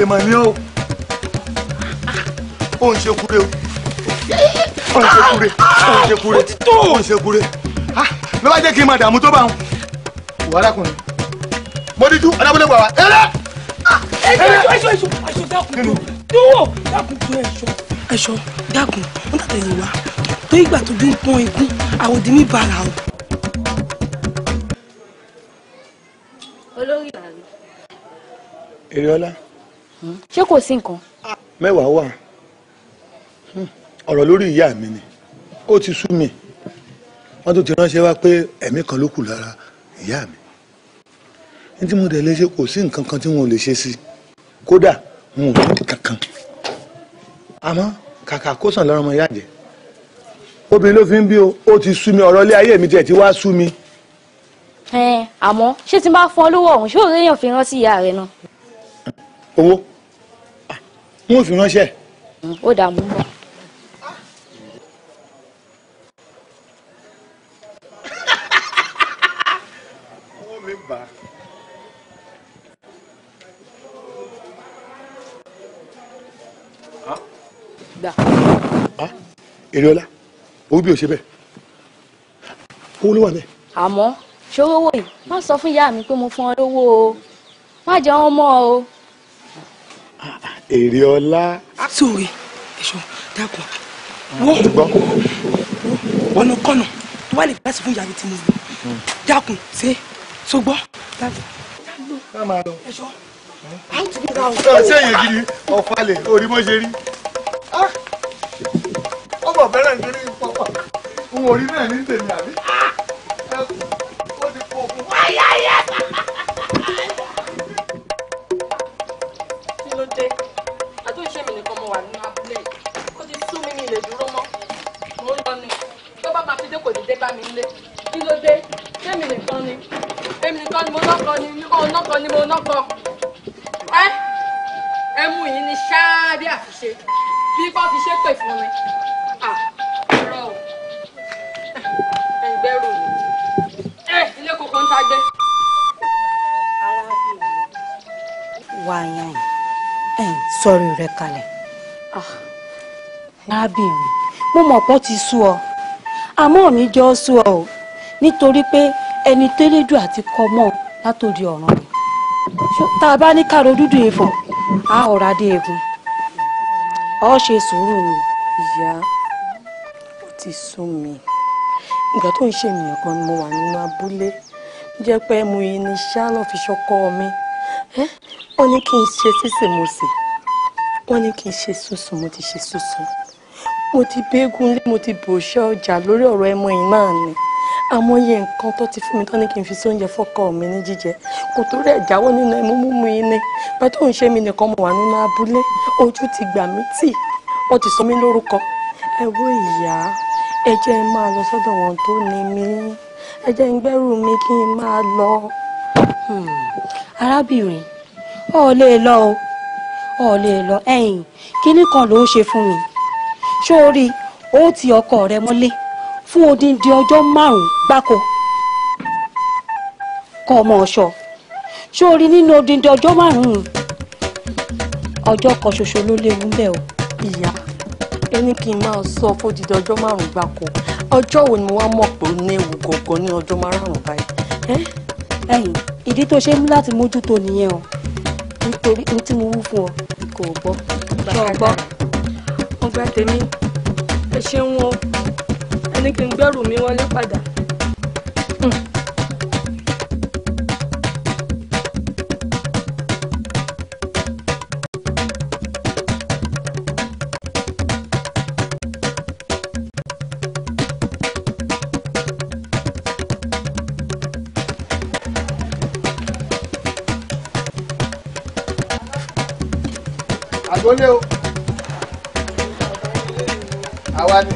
mọ̀ ní o ó ń ṣe kúre o ó ń ṣe kúre ó ń ṣe kúre ó ń ṣe kúre ló bá jẹ́ kí n máa dààmú tó bá wọn. ìwà arákùnrin mo díjú alábọ́lé wà wá ẹ̀rẹ́. ẹ̀ṣọ́ ẹ̀ṣọ́ ẹ̀ṣọ́ ẹ̀ṣọ́ dákun dúró dákun tó ẹ̀ṣọ́. ẹ̀ṣọ́ dákun wọ́n tàtẹ̀yìn wá tó ìgbà tó bí ń pọ́n igun àwòdì mi bàrà o. olórí ìlànà. èrè ọlá ṣé kò sí nǹkan. mẹ́wàá wà hmm, ọ̀rọ̀ lórí ìyá mi ni ó ti sú mi wọ́n tó ti ránṣẹ́ wá pé ẹ̀mí kan ló kù lára ìyá mi ní tí mo dẹ̀ lè ṣe kò sí nǹkan kan tí wọn ò lè ṣe sí kódà wọn ò ní kankan àmọ́ kàkà kó sàn lọ́rọ̀ ọmọ ìyá jẹ́ obìnrin ló fi ń bí o ó ti sú mi ọ̀rọ̀ ilé ayé mi tiẹ̀ ti wá sú mi. àmọ́ ṣé tí n bá fún lówó ọ̀hún ṣé òun èèyàn fi rántí ìyá rẹ náà owó wọn ò fi ránṣẹ́. ó dà mú bọ̀. èrè ọlá owó bí o ṣe bẹ́ẹ̀ owó ló wà bẹ́ẹ̀. àmọ́ ṣòwò yìí má sọ fún ìyá mi pé mo fún ọ lówó o má jẹ́ wọn o èrè ọlá. sórí ẹ̀ṣọ́ dákun wọ́ wọnú kọ́nà tó wà lè gbàsí fún ìyàwó tí mo lò dákun ṣe tó gbọ́ dákun. ẹ̀ṣọ́ àwọn ti gbọ́dọ̀ àwọn. ṣé èyàn gidi ọ̀falẹ̀ orí mo ṣe rí ọmọ bẹ́rẹ̀ nítorí pọ́pọ́ n ò rí náà ní tèmi àbí. sọrọ rẹ̀ kalẹ̀ lábìrì ah. mo mọ̀ ti sú ọ àmọ́ mi jọ sú ọ o nítorí pé ẹni tó àti kọ́ látòdì ọ̀ràn ni tá a bá ní káró dúdú ìfọ̀ a ọ̀rá dé egun ọ ṣe sùúrù ni. ìyá ó ti sú mi ìgbà tó ń ṣe ni mo wà nínú abúlé yìí ṣáà lọ́ọ́ fi mi ó ní kí n ṣe wọ́n ní kí n ṣe sunsun mo ti ṣe sunsun mo ti bẹ́gùn lé mo ti bòṣẹ́ ọjà lórí ọ̀rọ̀ ẹmọ ìmá mi àmọye nǹkan tó ti fún mi tán ni kí n fi sí oúnjẹ mi ní jíjẹ kò tó rẹ̀ jáwọ́ nínú ẹmu múmu yín ni pé tó ń ṣe mí nìkan mo wà nínú abúlé ojú ti gbà mí tì wọ́n ti sọ mí lórúkọ ẹ wo ìyá ẹ jẹ́ ń máa lọ sọ́dọ̀ wọn tó ní mí ẹ jẹ́ ń gbẹ́rù mi kí n máa lọ. Hmm. arábìnrin ó lè lọ o ọ lè lọ ẹ̀yìn kínní kan ló ń ṣe fún mi sórí ó ti ọkọ rẹ mọ́lé fún odindi ọjọ́ márùn-ún gbáko kọ́ ọmọ ọ̀ṣọ́ sórí nínú odindi ọjọ́ márùn-ún ọjọ́ kan ṣoṣo ló léwu bẹ́ẹ̀ o. ìyá ẹni kí n máa sọ fódìdí ọjọ́ márùn-ún gbáko ọjọ́ wo ni wọ́n mọ̀ pé ó léwu gọ̀ọ̀gọ̀ ní ọjọ́ márùn-ún báyìí. ẹ̀yin ìdí tó ṣe mú láti mójútó nìyẹn o nítorí ní tí mo wú fún ọ kò gbọ́. sọ gbọ́ ọgbà tèmi ẹ ṣeun o ẹni kí n gbẹ́rù mi wọlé padà. àgbólé o àwa ni.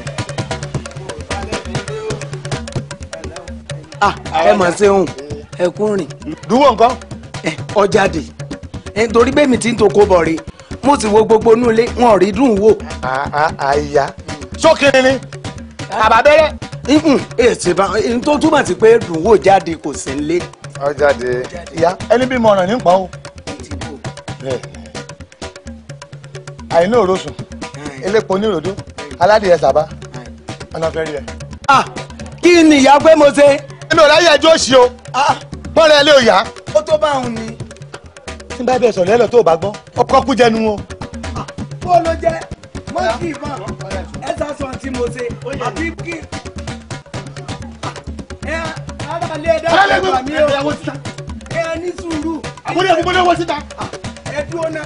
Ah, ẹ mọ̀ ṣeun ẹ kú rìn. dúwọ̀ nǹkan. ó jáde nítorí bẹ́ẹ̀ mi ti ń toko bọ̀ rè mo sì wo gbogbo inú ilé wọn ò rí dùn wò. àyà sókè ni àbábẹ́rẹ́. èsì bá n tó túmọ̀ sí pé dùn wò jáde kò sí nílé. ó jáde ìyá ẹni bímọ ọ̀ràn nípa o. bẹ́ẹ̀ ni àìní òrosùn elépo oníròdú aládìyẹ sábà ọ̀nà fẹ́ rí ẹ. kí ni ìyá pé mo ṣe. inú ọ̀la yẹ ẹjọ́ òsì o bọ́ọ̀rẹ́ ẹ lé òyà. ó tó bá òun ni. tí n bá bẹ sọ̀rọ̀ ẹ lọ tó o bá gbọ́ ọkọ kú jẹnu o. bó ló jẹ mọ́ọ̀kì ìbọn ẹ sá sọ tí mo ṣe àbí kí ẹ ara lé dáhùn mi o ẹ ní sùúrù. àkúrẹ́ ìfúnpọ̀ síta. ẹ dúró náà.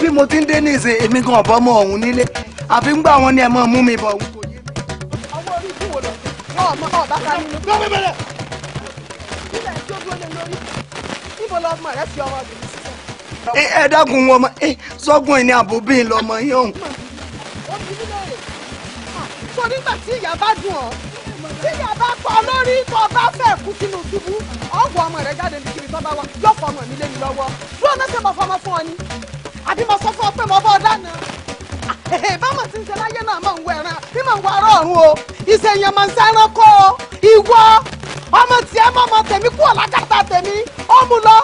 bí mo ti ń dé ní ìsìn èmi gan ọ̀bọ mọ ọ̀hún nílé àfi ń gbà wọn ni ẹ mọ mú mi bọ̀ ọ̀hún kò yé mi. ọwọ́ orí kú wò lọ ọmọ ọba kan nínú. lọ bí bẹ̀rẹ̀. ilé tí ó dúró lé lórí níbo lọ ọmọ rẹ fi ọwọ́ bìí sísẹ. ẹ dákun wọn ma sọgùn ẹni àbòbí lọmọ yín ọ̀hún. obìnrin lè rè sọ nígbà tí ìyá bá dùn ọ́ tí ìyá bá pa lórí tó bá fẹ́ kú sínú túbú ọ̀gbọ̀n ọmọ rẹ jáde níbi tó bá wà yóò ti ń ṣe láyé náà mọ̀ ń wọ ẹran tí mọ̀ ń wọ ará ọ̀run o ìṣèyàn mọ̀ ń sẹ́ran kó o ìwọ ọmọ tiẹ̀ mọ̀ ọmọ tèmi kúrò lákàtà tèmi ó mu lọ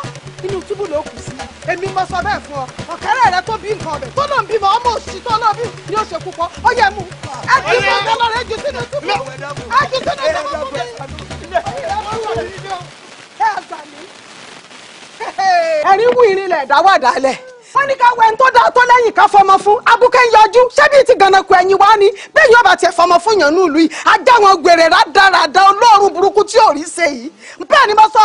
inú túbú ló kù sí èmi mo sọ bẹ́ẹ̀ fún ọ ọ̀kẹ́rẹ́ rẹ tó bí nǹkan ọ̀bẹ tó lóun bímọ ọmọ òṣì tó lóun bí ni ó ṣe kú ó yẹ mu ẹ ti mọ ọgbẹ́ lọ́rọ̀ ẹ jù sínú túbú ẹ jù sínú túbú fún mi ẹ̀rín wù irin lẹ̀ dáwọ́ àdálẹ̀ wọ́n ní ká wẹ ń tó dáa tó lẹ́yìn ká fọmọ fún abúkẹ́ ń yọjú ṣebí ti gànàkú ẹ̀yìn wá ni bẹ́ẹ̀ yóò bá tiẹ̀ fọmọ fún yàn ní ìlú yìí ajá wọn gbèrè rádaràda olóòórùn burúkú tí ò rí ṣe yìí bẹ́ẹ̀ ni mo sọ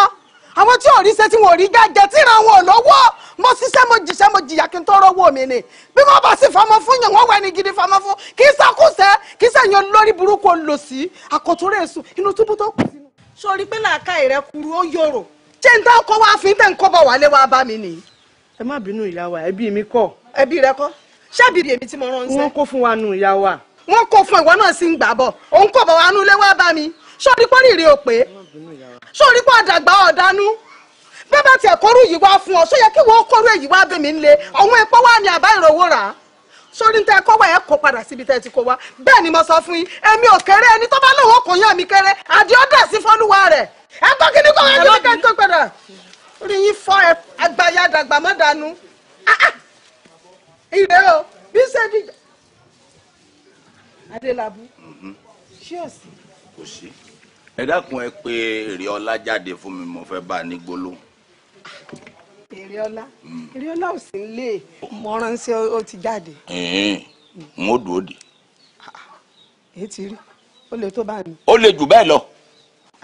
àwọn tí ò rí ṣe tí wọn ò rí gàjẹ tí ìran wọn ò lọ́wọ́ mo ṣiṣẹ́ mo jìṣẹ́ mo jìyà kí n tó rówó mi ni bí wọ́n bá sì fọmọ fún yàn wọ́n wẹ̀ ní gidi fọmọ fún kì í sàkúṣẹ́ kì í sẹ̀yìn olórí burúkú olòṣì àkọ́túnrẹ́ èso inú túbú tó kù sínú. sori pé làákà ìrẹkuru ó yòrò. ṣé n tán kó wá fi ń tẹ̀ ń kó bọ̀ wálé wá bá mi nìyí ẹ má bínú ìyá wa ẹbí mi kọ́. ẹbí rẹ kọ́ ṣáàbì èmi tí mo rán ṣe. wọ́n kó fún wa nù ìyá wa. wọ́n kó fún ìwọ náà sí ń gbà bọ̀ òun kò bọ̀ wá nulẹ̀ wá bá mi sórí pọ́n rírì ò pé sórí pọ́n àdàgbà ọ̀dánú bẹ́ẹ̀ bá tiẹ̀ kọ́rú yìí wá fún ọ sọ yẹ kí wọ́n kọ́rú èyí wá bẹ̀ mí ń le ọ̀hún epo wá ní àbá ìrọ̀wó rà á sórí tẹ kọ́ wa ẹ̀ kó padà síbi tẹ́ ti kó wa bẹ́ẹ̀ ni mo sọ fún yín èmi ò kéré ẹni tó bá lòun kò yàn mí kéré àdìọ́ dà sí fọ́lúwa rẹ̀ ẹ kọ́ kíní kọ́ ẹ kíní kẹ́ padà orí yín fọ́ agbáyà dàgbà má dànù ìrẹ́ ah, ah. o bí sẹ́ẹ̀dì. adélábù mhm. ṣé o sí. kò sí ẹ dákun ẹ pé èrè ọlá jáde fún mi mo fẹ́ bá a ní gbólóhùn. èrè ọlá mm. èrè ọlá ò sí nílé mọ́rán sí ó ti jáde. n ó dùn ó dì. èyí ti rí ó lè tó bá mi. ó lè jù bẹ́ẹ̀ lọ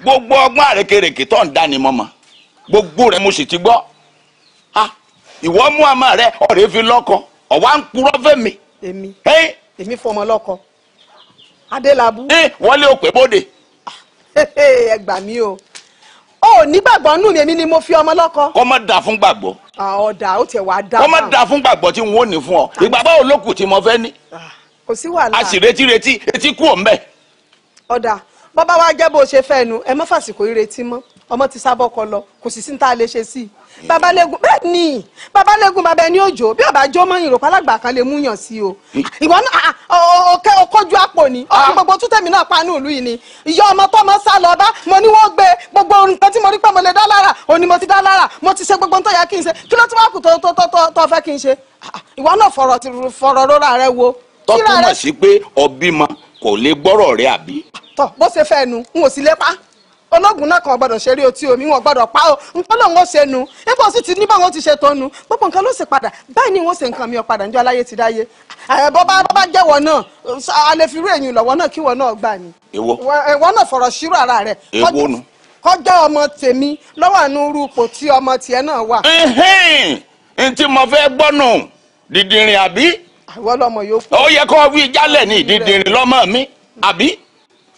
gbogbo ọgbọ́n àrékèrèké tó ń dá ni mọ́mọ́ gbogbo rẹ mo sì ti gbọ́ ah ìwọ mú àmà rẹ ọ̀rẹ́ fi lọ́kọ ọ̀wá ń purọ́ fẹ́ mi. èmi èmi fọmọ lọ́kọ adélábù. ẹ wọlé òpè bóde. ẹ gbà mí o o nígbàgbọ́ nù mí èmi ni mo fi ọmọ lọ́kọ. kọ́ má dà fún gbàgbọ́. ọ̀dà ó tẹ̀ wá dá. kọ́ má dà fún gbàgbọ́ tí n ó ní fún ọ ìgbàgbọ́ olókù tí mo fẹ́ ní. kò sí wàhálà. a sì retí retí etí kú òun bẹ́ẹ̀. ọ̀dà bàbá wa jẹ́ bó ṣe fẹ́ nu ẹ má fàsìkò ìrètí mọ́ ọmọ ti sábọ́ kọ lọ kò sì sí ní tá a lè ṣe sí i babalẹ́gùn bẹ́ẹ̀ ni babalẹ́gùn bàbá ẹni òjò bí ọba jó mọ́ ìrọ̀pá alágbà kan lè múyàn sí o ìwọ náà òkè ah, ah, òkójú àpò ni ah. ọkọ gbogbo tútẹ̀mí náà panú ìlú yìí ni ìyá ọmọ tó mọ sá lọ bá mo ní wọ́n gbé gbogbo nǹkan tí mo rí pé mo lè dá lára òní mo ti dá lára mo ti ṣe gbogbo nǹkan tó yẹ kí n ṣe kí ló tún wá kù tó tó tó tó fẹ́ kí n ṣe ìwọ náà fọ̀rọ̀ ti fọ̀rọ̀ rọra rẹ wo. tọ́tùmọ̀ sí pé ọbí ma kò lè gbọ́rọ̀ rẹ àbí. tọ bó ṣe fẹ́ nu n ò sí lépa ológun náà kan gbọ́dọ̀ ṣeré otí omi wọn gbọ́dọ̀ pa ó nǹkan lòun ó ṣe nu ipò sì ti ní báwọn ti ṣe tọ́nu gbogbo nǹkan ló sì padà báyìí ni wọ́n ṣe nǹkan mi ọ̀padà níjọ́ aláyé ti dáyé bọ́bá bọ́bá jẹ́wọ́ náà a lè fi rú èyí lọ́wọ́ náà kí wọ́n náà gbà ní. èwo èwo náà fọ̀rọ̀ ṣírò ara rẹ̀ èwo nu kọjá ọmọ tèmi lọ́wọ́ àánú rúpò tí ọmọ tiẹ̀ náà wà. n tí mo fẹ́ gbọ́nù dìdìrín àbí. àwọn ọlọmọ yóò fún. ó yẹ kó wí jálẹ̀ ní dìdìrín lọ́mọ mi àbí.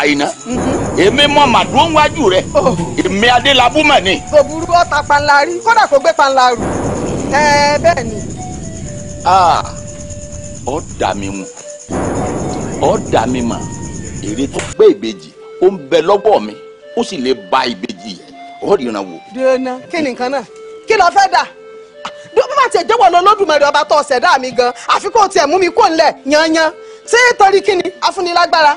àyìnà mhm. èmi mọ màdúró wájú rẹ oh. èmi adélábù mọ ni. òbúrú ọta panla rí kódà kó gbé panla rù ẹ bẹ́ẹ̀ ni. ọ ah, dà mí mu ọ dà mí mà èrè tó gbé ìbejì ó ń bẹ lọ́gbọ̀ mi ó sì lè ba ìbejì yẹn ọ ríran wò. dènà kí ni nǹkan náà kí ló fẹ́ dà bí wọ́n ti jẹ́wọ́ lọ lódùmarè ọba tó ọ̀sẹ̀ dá mi gan àfikún tiẹ̀ mú mi kó ńlẹ̀ yanyan ṣé torí kí ni afúnilágbára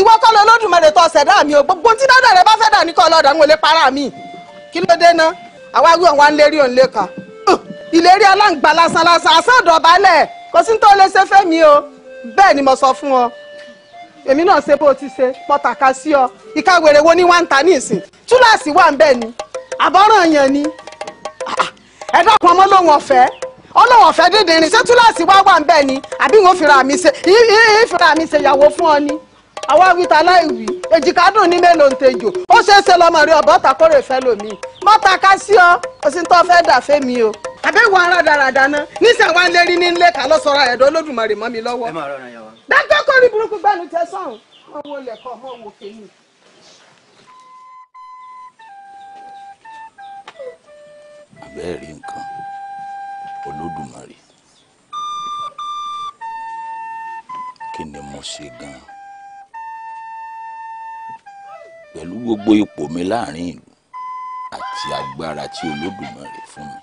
ìwọ kọ́ lọ lódùmarè tó ṣẹ̀dá mi o gbogbo tí dáadáa rẹ bá fẹ́ dà ní kọ́ lọ́dà ń wọlé para mi kí ló dé náà àwa wí òun wá ń lérí òun lẹ́ka ìlérí aláǹgbá lásán lásán àsọ̀dọ̀balẹ̀ kò sí tó lè ṣe fẹ́ mi o bẹ́ẹ̀ ni mo sọ fún ọ èmi náà ṣe bó o ti ṣe pọtàkà sí ọ ìkàwérè wo ni wọ́n ń ta ní ìsìn túláàsì wà ń bẹ̀ ni àbọ̀ràn yẹn ni ẹ̀dá kan mọ́ lóun ọ̀fẹ́ ọlọ́wọ̀n fẹ́ dídìrín ṣé túláàsì wá wà ń bẹ̀ ni àbí wọn fìrà mi ṣe ìfìrà mi ṣe ìyàwó fún ọ ni àwa wí ta láì wí èjìká dùn ní mélòó ń tejò ó ṣeé ṣe lọ́mọ rí ọ̀bọ̀ tàkórè fẹ́ lómi mọ́ta ká sí ọ òsì tó fẹ́ dà fẹ́mi o. àbẹ̀wò ara dáradára ná níṣẹ́ wa ń lérí ní ilé ká lọ́sọ̀rọ̀ ẹ̀dọ́ olódùmarè mọ́ mi lọ́wọ́. dájọ́ kò rí burúkú gbẹ́nu tẹ sọ̀rùn mọ́ wo lẹ̀kọ́ mọ́ wo kéyìn. àbẹ́ẹ̀rí nǹkan olódùmarè kí ni mo ṣe gan-an pẹ̀lú gbogbo ipò mi láàrin ìlú àti agbára tí olódùmarè fún mi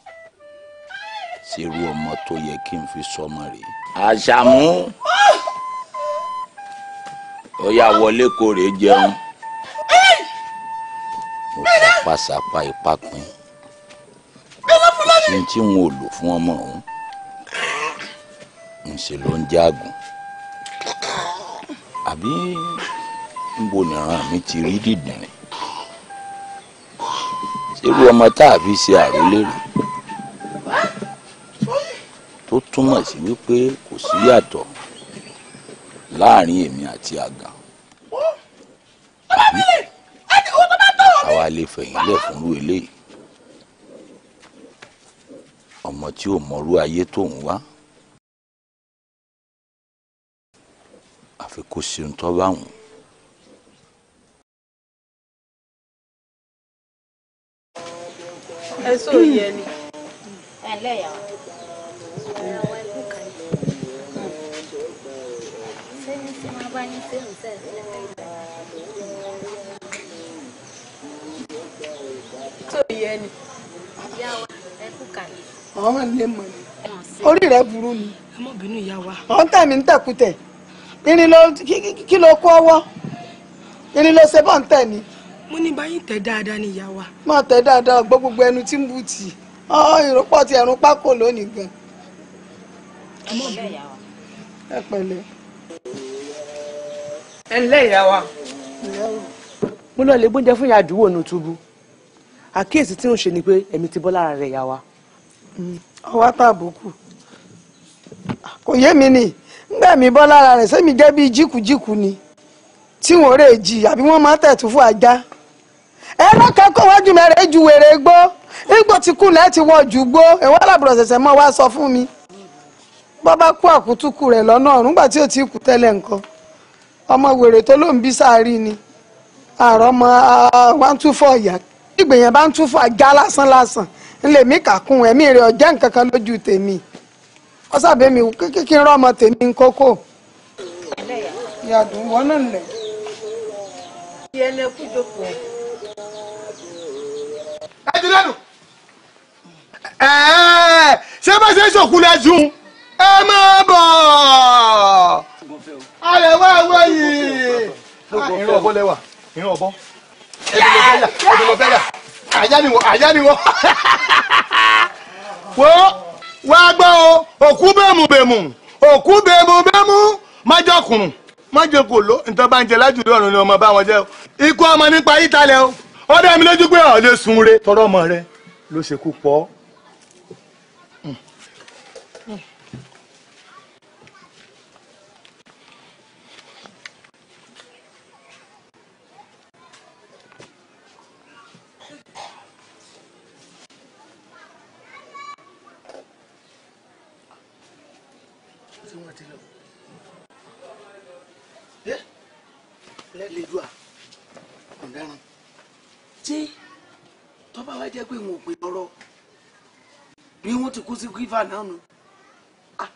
ṣerú ọmọ tó yẹ kí n fi sọmọ rèé. àṣàmú ó yá wọlé kó rèé jẹun mo sapasapa ipá pin ní tí n ò lò fún ọmọ òun ń ṣe ló ń jágùn àbí níbo nìran mi ti rí dìdìrín irú ọmọ tá a fi ṣe àrólérè tó túmọ̀ sí wípé kò sí yàtọ̀ láàrin èmi àti àgàn àbí àwa lè fẹ̀yìnlẹ̀ fúnrú eléyìí ọmọ tí ò mọrú ayé tóun wá àfi kó ṣe ń tọ́ báwọn. ẹ sọ yẹ ni. ẹ lẹ́yà. sẹ́yìn tí wọ́n bá ní sẹ́yìn sẹ́yìn sọ yẹ ni. ìyá wa ẹ kú kàlẹ́. àwọn ilé mọ̀ ni orí rẹ̀ burú ni. ẹ mọ̀ bínú ìyá wa. ọ̀hún tẹ̀mí ń tẹ̀kùtẹ̀ irin ló kí ló kó ọwọ́ irin ló ṣe bọ́ ń tẹ̀ ni mo ní báyìí tẹ dáadáa ní ìyá wa. máa tẹ dáadáa gbọ́ gbogbo ẹnu tí ń bù tì ọ ìrọ́pọ̀ ti ẹ̀rún pákó lónìí gan. ẹ pẹ̀lẹ́. ẹ ǹlẹ́ ìyá wa. mo lọ lè gbóúnjẹ fún ìyá àdúgbò nù túbú àkíyèsí tí ń ṣe ni pé ẹ̀mí ti bọ́ lára rẹ̀ ìyá wa. ọwọ́ tàbùkù kò yé mi ni ngbà mí bọ́ lára rẹ̀ sẹ́mi jẹ́ bíi jíkùjíkù ni tí wọ́n rè jì àbí wọ́n máa tẹ̀tù fún ajá ẹ̀rọ kan kó ejuwere mẹ́rẹ̀ ju wèrè gbó igbó ti kú ti ju gbó ìwọ́n alábùrọ̀ ṣẹ̀ṣẹ̀ mọ́ wá sọ fún mi bọ́ bá kú àkútúkù rẹ̀ lọ́nà ọ̀run gbà tí ò tí kú tẹ́lẹ̀ nǹkan ọmọ wèrè tó ló ń bí ni àrọ́ ọmọ one two four yà ìgbìyàn bá ń two four já lásán lásán kàkún ẹ̀mí rẹ̀ ọ̀jẹ́ nǹkan kan mi kí n ẹ ti lẹ́nu ṣé bá ṣe ń ṣòkú lẹ́sùn ẹ máa bọ̀ alẹ́ wá wá yìí. ìrìn ọ̀bọ lẹ́wà ìrìn ọ̀bọ ẹ̀dùnlọ́fẹ́yà àyániwọ̀ àyániwọ̀ wo wá gbọ́ o òkú bẹ́ẹ̀mùbẹ́ẹ̀mù òkú bẹ́ẹ̀mùbẹ́ẹ̀mù májọkùnrùn májọkùnrùn ló ń tọ́ bá ń jẹ lájùlọ ọ̀run ni ọmọ bá wọn jẹ́ o ikú ọmọ nípa yítalẹ̀ o ó dá mi lójú pé ó lè sun re tọrọ ọmọ rẹ ló ṣekú pọ̀. tí wọ́n ti lọ. lẹ́lẹ́dùá tí tọ́ba wa jẹ́ pé wọn ò pè lọ́rọ́ bí wọ́n ti kú sí gífà náà nu ah,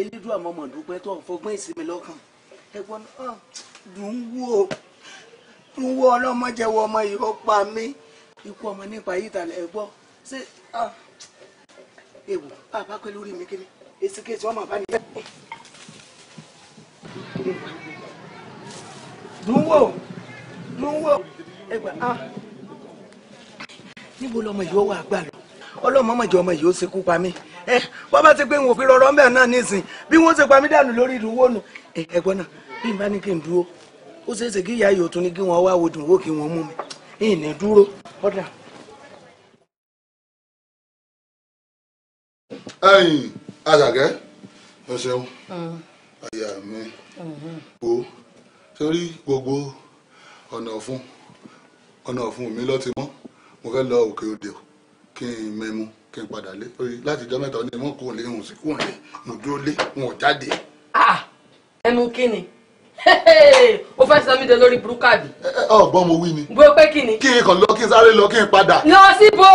elédùn àmọ́ mọ̀ dúpẹ́ tó fọgbọ́n ìsinmi lọ́kàn ẹ̀gbọ́n náà ah, dùn wú o dùn wú ọlọ́mọ jẹ́wọ́ ọmọ yìí ó pa mí ikú ọmọ nípa yìí tàlẹ̀ ẹ̀gbọ́n ṣé ah, ewu bàbá pẹ́ lórí mi kíni èsì kejì ọmọ bá ní. dùn wú o dùn wú ẹ̀gbọ́n ah níbo lọmọ yìí ó wà gbà lọ ọlọ́mọ mọ̀jọ ọmọ yìí ó ṣekú pa mí ẹ wọ́n bá ti pé wọn ò fi rọrọ ń bẹ̀ náà nísìn bí wọ́n ṣe pa mí dànù lórí ìdúró nù ẹ̀gbọ́n náà bí n bá ní kí n dúró ó ṣeé ṣe kí ìyá yòó tún ní kí wọ́n wá wo dùn wó kí wọ́n mú mi ìní dúró ọ̀dà. ẹ̀yin ẹ ṣeun àyà mm. mi wo mm-hmm. sórí gbogbo ọ̀nà ọ̀fun ọ̀nà ọ̀fun mi ló ti mọ́ mo fẹ́ lọ òkè òde o kí n mẹ́mu kí n padà lé oye láti ìjọ mẹ́ta ni wọ́n kò lè hùn sí kùn lé mo dúró lé wọn ò jáde. Ah! ẹmu kí ni o fẹ́ sọ mí de lórí burúkú àbí. ọgbọ́n mo wí ni. bó pé kí kí n kàn lọ kí n sáré lọ kí n padà. lọ síbo.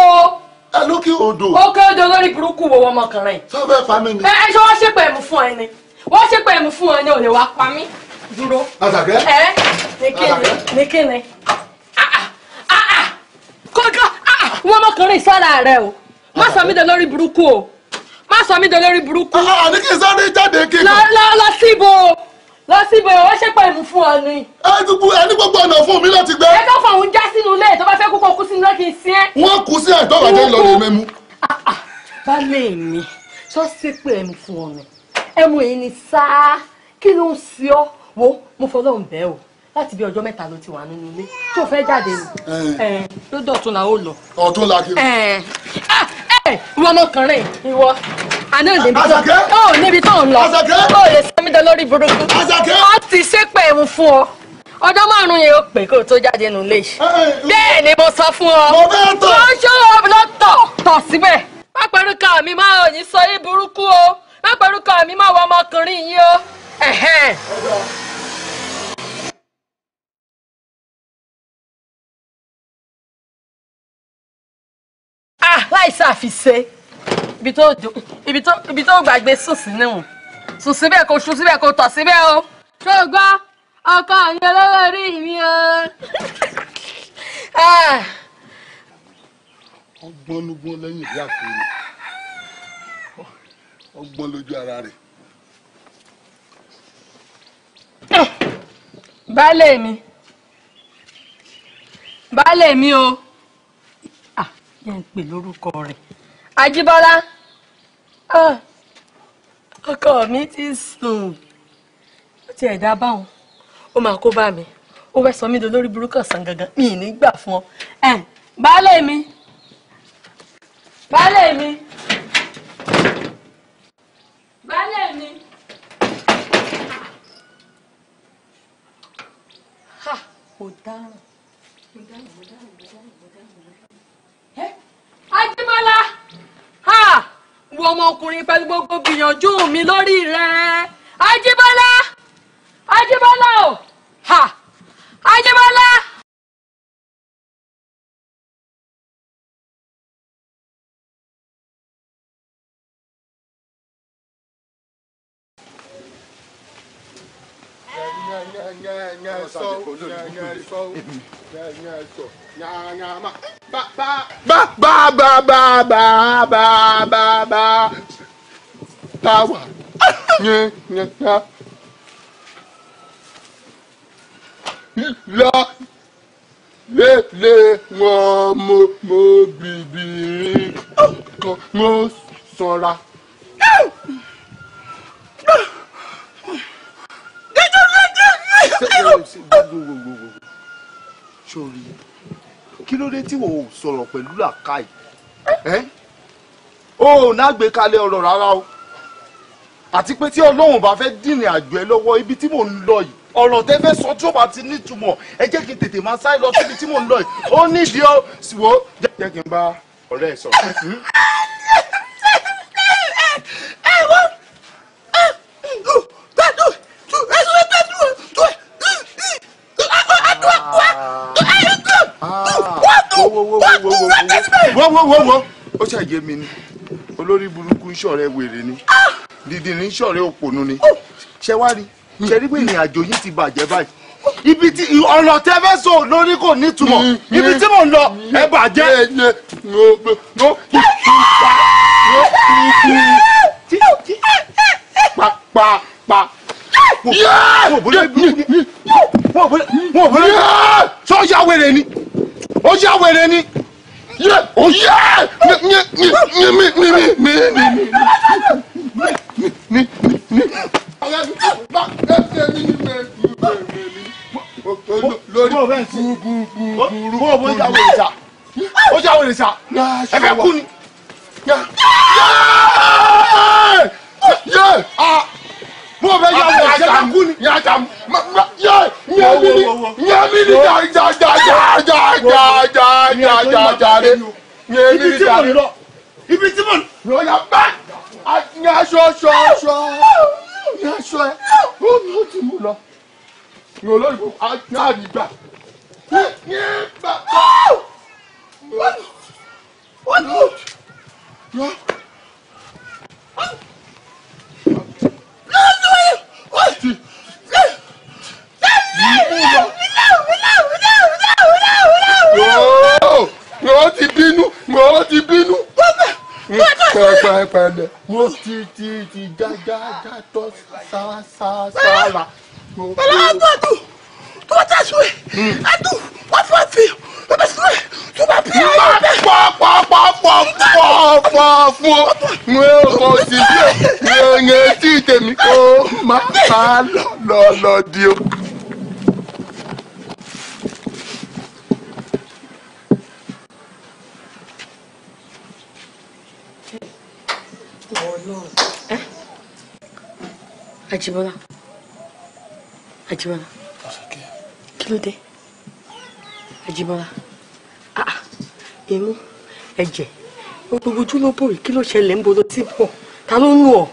ẹ lókè odò. ókè odò lórí burúkú wo ọmọkùnrin. sọ fẹ́ fa mi ni. ẹ ṣé wọ́n ṣépè mú fún ẹ ni wọ́n ṣépè mú fún ẹ ni ò lè wá pa mí dúró. àtàkẹ́. ẹ ní kí ní kí kódà ah! wọn mọkànrin sára rẹ o má sọ mí dé lórí burúkú o má sọ mí dé lórí burúkú. Ah, àní kí n sáré jáde kí n. lọ lọ síbo lọ síbo ìwọ ṣe pé ìmú fún ọ ni. ẹni gbogbo ọ̀nà fún mi láti gbẹ. ẹ tó fọ̀hún já sínú ilé tó fẹ́ kú kú sínú ilé kì í wọ́n kú sí ẹ̀tọ́ bàjẹ́ lọ́dẹ mẹ́mú. Ah, balẹ̀ mi sọ sí pé ẹ̀mú fún ọ ni ẹ̀mú èyí ni sáà kí ló ń ṣe wo mo fọlọ́ ń bẹ́ o láti bí ọjọ́ mẹ́ta ló ti wà nínú ilé tó fẹ́ jáde ni eh. Eh, ló dọ̀tún la ó lọ. ọ̀tún la kí o. Eh. Ah, ìwọ ọmọkùnrin ìwọ àná níbi tó ó níbi tó ń lọ ó lè sẹ́mi dán lórí burúkú ó ti ṣépè ń fún ọ ọjọ́ márùn-ún yẹn ó pè kó o tó jáde nù lè ṣe bẹ́ẹ̀ ni mo sọ fún ọ mo ṣó o lọ tọ̀ tọ̀ síbẹ̀ má mi máa ò ní sọ yín burúkú o má mi máa wọ ọmọkùnrin yìí o. láìsàfiṣe ibi tó ibi tó ibi tó gbàgbé sùn sí níwọ̀n sùn síbẹ̀ kò sùn síbẹ̀ kò tọ̀ síbẹ̀ o. ṣó o gbọ́ ọkọ mi olówó orí mi o. Ah. ọgbọ́n lógún lẹ́yìn ìyá àkórí ọgbọ́n lójú ara rẹ̀. baálé mi baálé mi o yẹ ń pè lórúkọ rẹ̀. Ajíbọ́lá ah, ọkọ mi ti sùn ó ti ẹ̀dá báwọn ó máa kó bá mi ó wẹ́ sọ mí do lórí burúkú ọ̀sán gangan mi ì ní gbà fún ọ. baálé mi baálé mi baálé mi. mo dáràn mo dáràn mo dáràn mo dáràn. Bọ́lá wo ọmọkùnrin pẹ̀lú gbogbo gbìyànjú mi lórí rẹ̀ Ajíbọ́lá Ajíbọ́lá o Ajíbọ́lá. bá bá bá bá bá bá bá bá táwa yẹn yẹn ká lọ lélẹ̀ wọn mo mo bìbìrì kan mo sanra sórí kí ló dé tí wò ó sọ̀rọ̀ pẹ̀lú làkàì ẹ́ o ò ná gbé kalẹ̀ ọ̀rọ̀ rárá o àti pé tí ọlọ́run bá fẹ́ dìrìn àjò ẹ lọ́wọ́ ibi tí mò ń lọ yìí ọ̀rọ̀ tẹ́ fẹ́ sọ tí ó bá ti nítumọ̀ ẹ jẹ́ kí n tètè máa sáré lọ síbi tí mò ń lọ yìí ó nídìí ó sì wò jẹ́ kí n bá ọ̀rẹ́ ẹ sọ̀rọ̀. wọ́n wọ́n wọ́n wọ́n ó ṣàjẹ́ mi ni olórí burúkú ṣọ̀rẹ́ wèrè ni dìdìrín ṣọ̀rẹ́ òpònú ni ṣe wá rí ṣe rí pé ìrìn àjò yín ti bàjẹ́ báyìí ibi tí ọ̀rọ̀ tẹ fẹ́ sọ lórí kò nítumọ̀ ibi tí mò ń lọ ẹ bàjẹ́. pa pa pa wọ́n ò bọ́lá sọ́jà wèrè ni ó jà wèrè ni yẹ o yẹ nye nye nye mi mi mi mi mi mi mi mi mi. lórí bùbùbùrù bùrù ó jáwé ìjà ó jáwé ìjà ẹ fẹ́ kú ni. ní ajá ajá rẹ ní èmi ìjà rẹ ibi tí mo lọ yà bá ní aṣọ aṣọ aṣọ ní aṣọ ẹ ó ní ó ti mú lọ ní olóyìnbó ní àdìgbà. pẹpẹlẹ mo ti ti ti já já já tọ sára sára sára. pẹ̀lú àwọn àdù tó bá tẹ̀ sùn ẹ̀ àdù hmm. wọ́n fọ́ fi wọ́n bẹ̀ sùn ẹ̀ tó bá bí àwọn ọ̀rẹ́. pọ̀ pọ̀ pọ̀ pọ̀ pọ̀ pọ̀ fún mi ò kò sí bí ẹ̀ ẹ̀ ẹ̀ tí tèmi kò má bàa lọ lọ di o. Àjíbọ́lá Àjíbọ́lá kí ló dé Àjíbọ́lá ah, ah. imú ẹ̀jẹ̀ gbogbo ojú ló bò yìí kí ló ṣẹlẹ̀ ń bolo tí bọ̀ ta ló ń lù ọ́.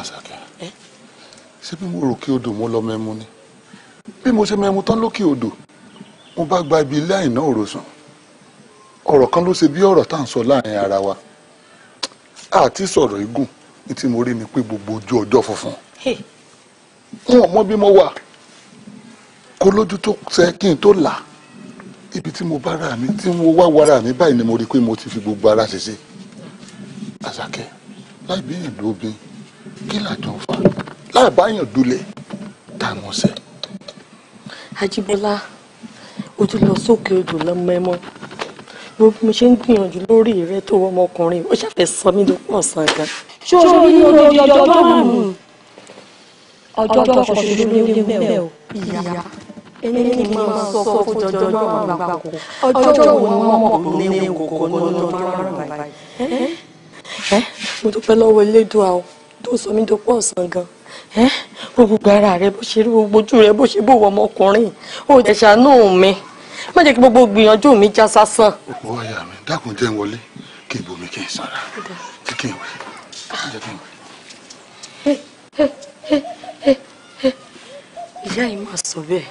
Àṣàkẹ́ ṣé bí mo rò kí odò mo lọ mẹ́mu ni bí mo ṣe mẹ́mu tán lókè odò mo bá gba ibi ilé àìná òròsàn ọ̀rọ̀ kan ló ṣe bí ọ̀rọ̀ tá à ń sọ láàrin ara wa àti sọ̀rọ̀ igun ní tí mo rí ni pé gbogbo ojú ọjọ́ funfun wọn ò mọ bí mo wà kó lójú tó ṣe kí n tó là ibi tí mo bá ra mi tí mo wá wara mi báyìí ni mo rí i pé mo ti fi gbogbo ara ṣe ṣe àṣàkẹ́ láì bí èèyàn lóbin kí làjọ ń fa láì báyàn dulẹ̀ tá a mọ̀ ṣe. Ajíbọ́lá ojú lọ sókè odò lọ́mọ ẹ mo bí mo ṣe ń gbìyànjú lórí rẹ tó ọmọkùnrin ó ṣàfẹ́ sọ mí ló pọ̀ sàn gan. ṣé o rí lórí ọjọ́ márùn-ún ọjọ́ ọjọ́ ṣoṣo ló ní bẹ́ẹ̀ o ìyá ẹni kì í máa sọ fún jọjọ márùn-ún gbàgbọ́ ọjọ́ wo ni wọ́n mọ̀ ní ní kòkó ní ọjọ́ márùn-ún báyìí. mo dúpẹ́ lọ́wọ́ elédùá o tó sọ mí ló pọ̀ sàn gan gbogbo ara rẹ bó ṣe rí gbogbo ojú rẹ bó ṣe bò wọ ọmọkùnrin ó ṣàánú mi má jẹ́ kí gbogbo gbìyànjú mi já sásán. ó àyà mi dákun jẹ́ ń wọlé kí ibomi kí n sanra kí kí n wẹ̀ jẹ́ kí n wẹ̀. ìyá yìí máa sọ bẹ́ẹ̀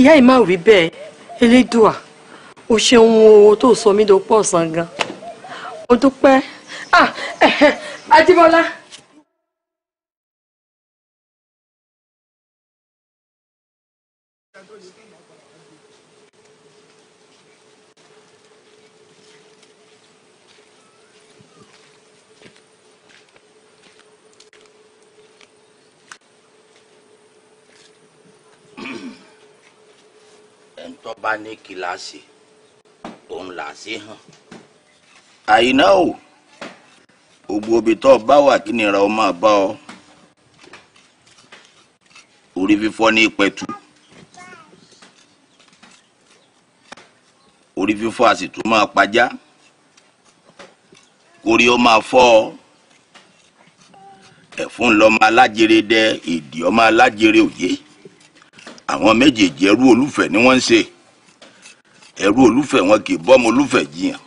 ìyá yìí máa wí bẹ́ẹ̀ elédùà o ṣeun o tó sọ mí dopọ̀ sàn gan o dúpẹ́ ah Adébọ́lá. bá ní kíláàsì òun là á sí hàn. àyínà o gbogbo obì tó bá wà kí nira ó máa bá ọ orí fífọ́ ní pẹ̀tù orí fífọ́ a sì tún máa pajá kórí ó máa fọ́ ọ ẹ̀fún lọ́mọ alájèrè dẹ ìdí ọmọ alájèrè òye àwọn méjèèjì ẹrú olùfẹ́ ni wọ́n ń ṣe ẹrú olúfẹ̀ wọn kì í bọ́mọ olúfẹ̀ jiyàn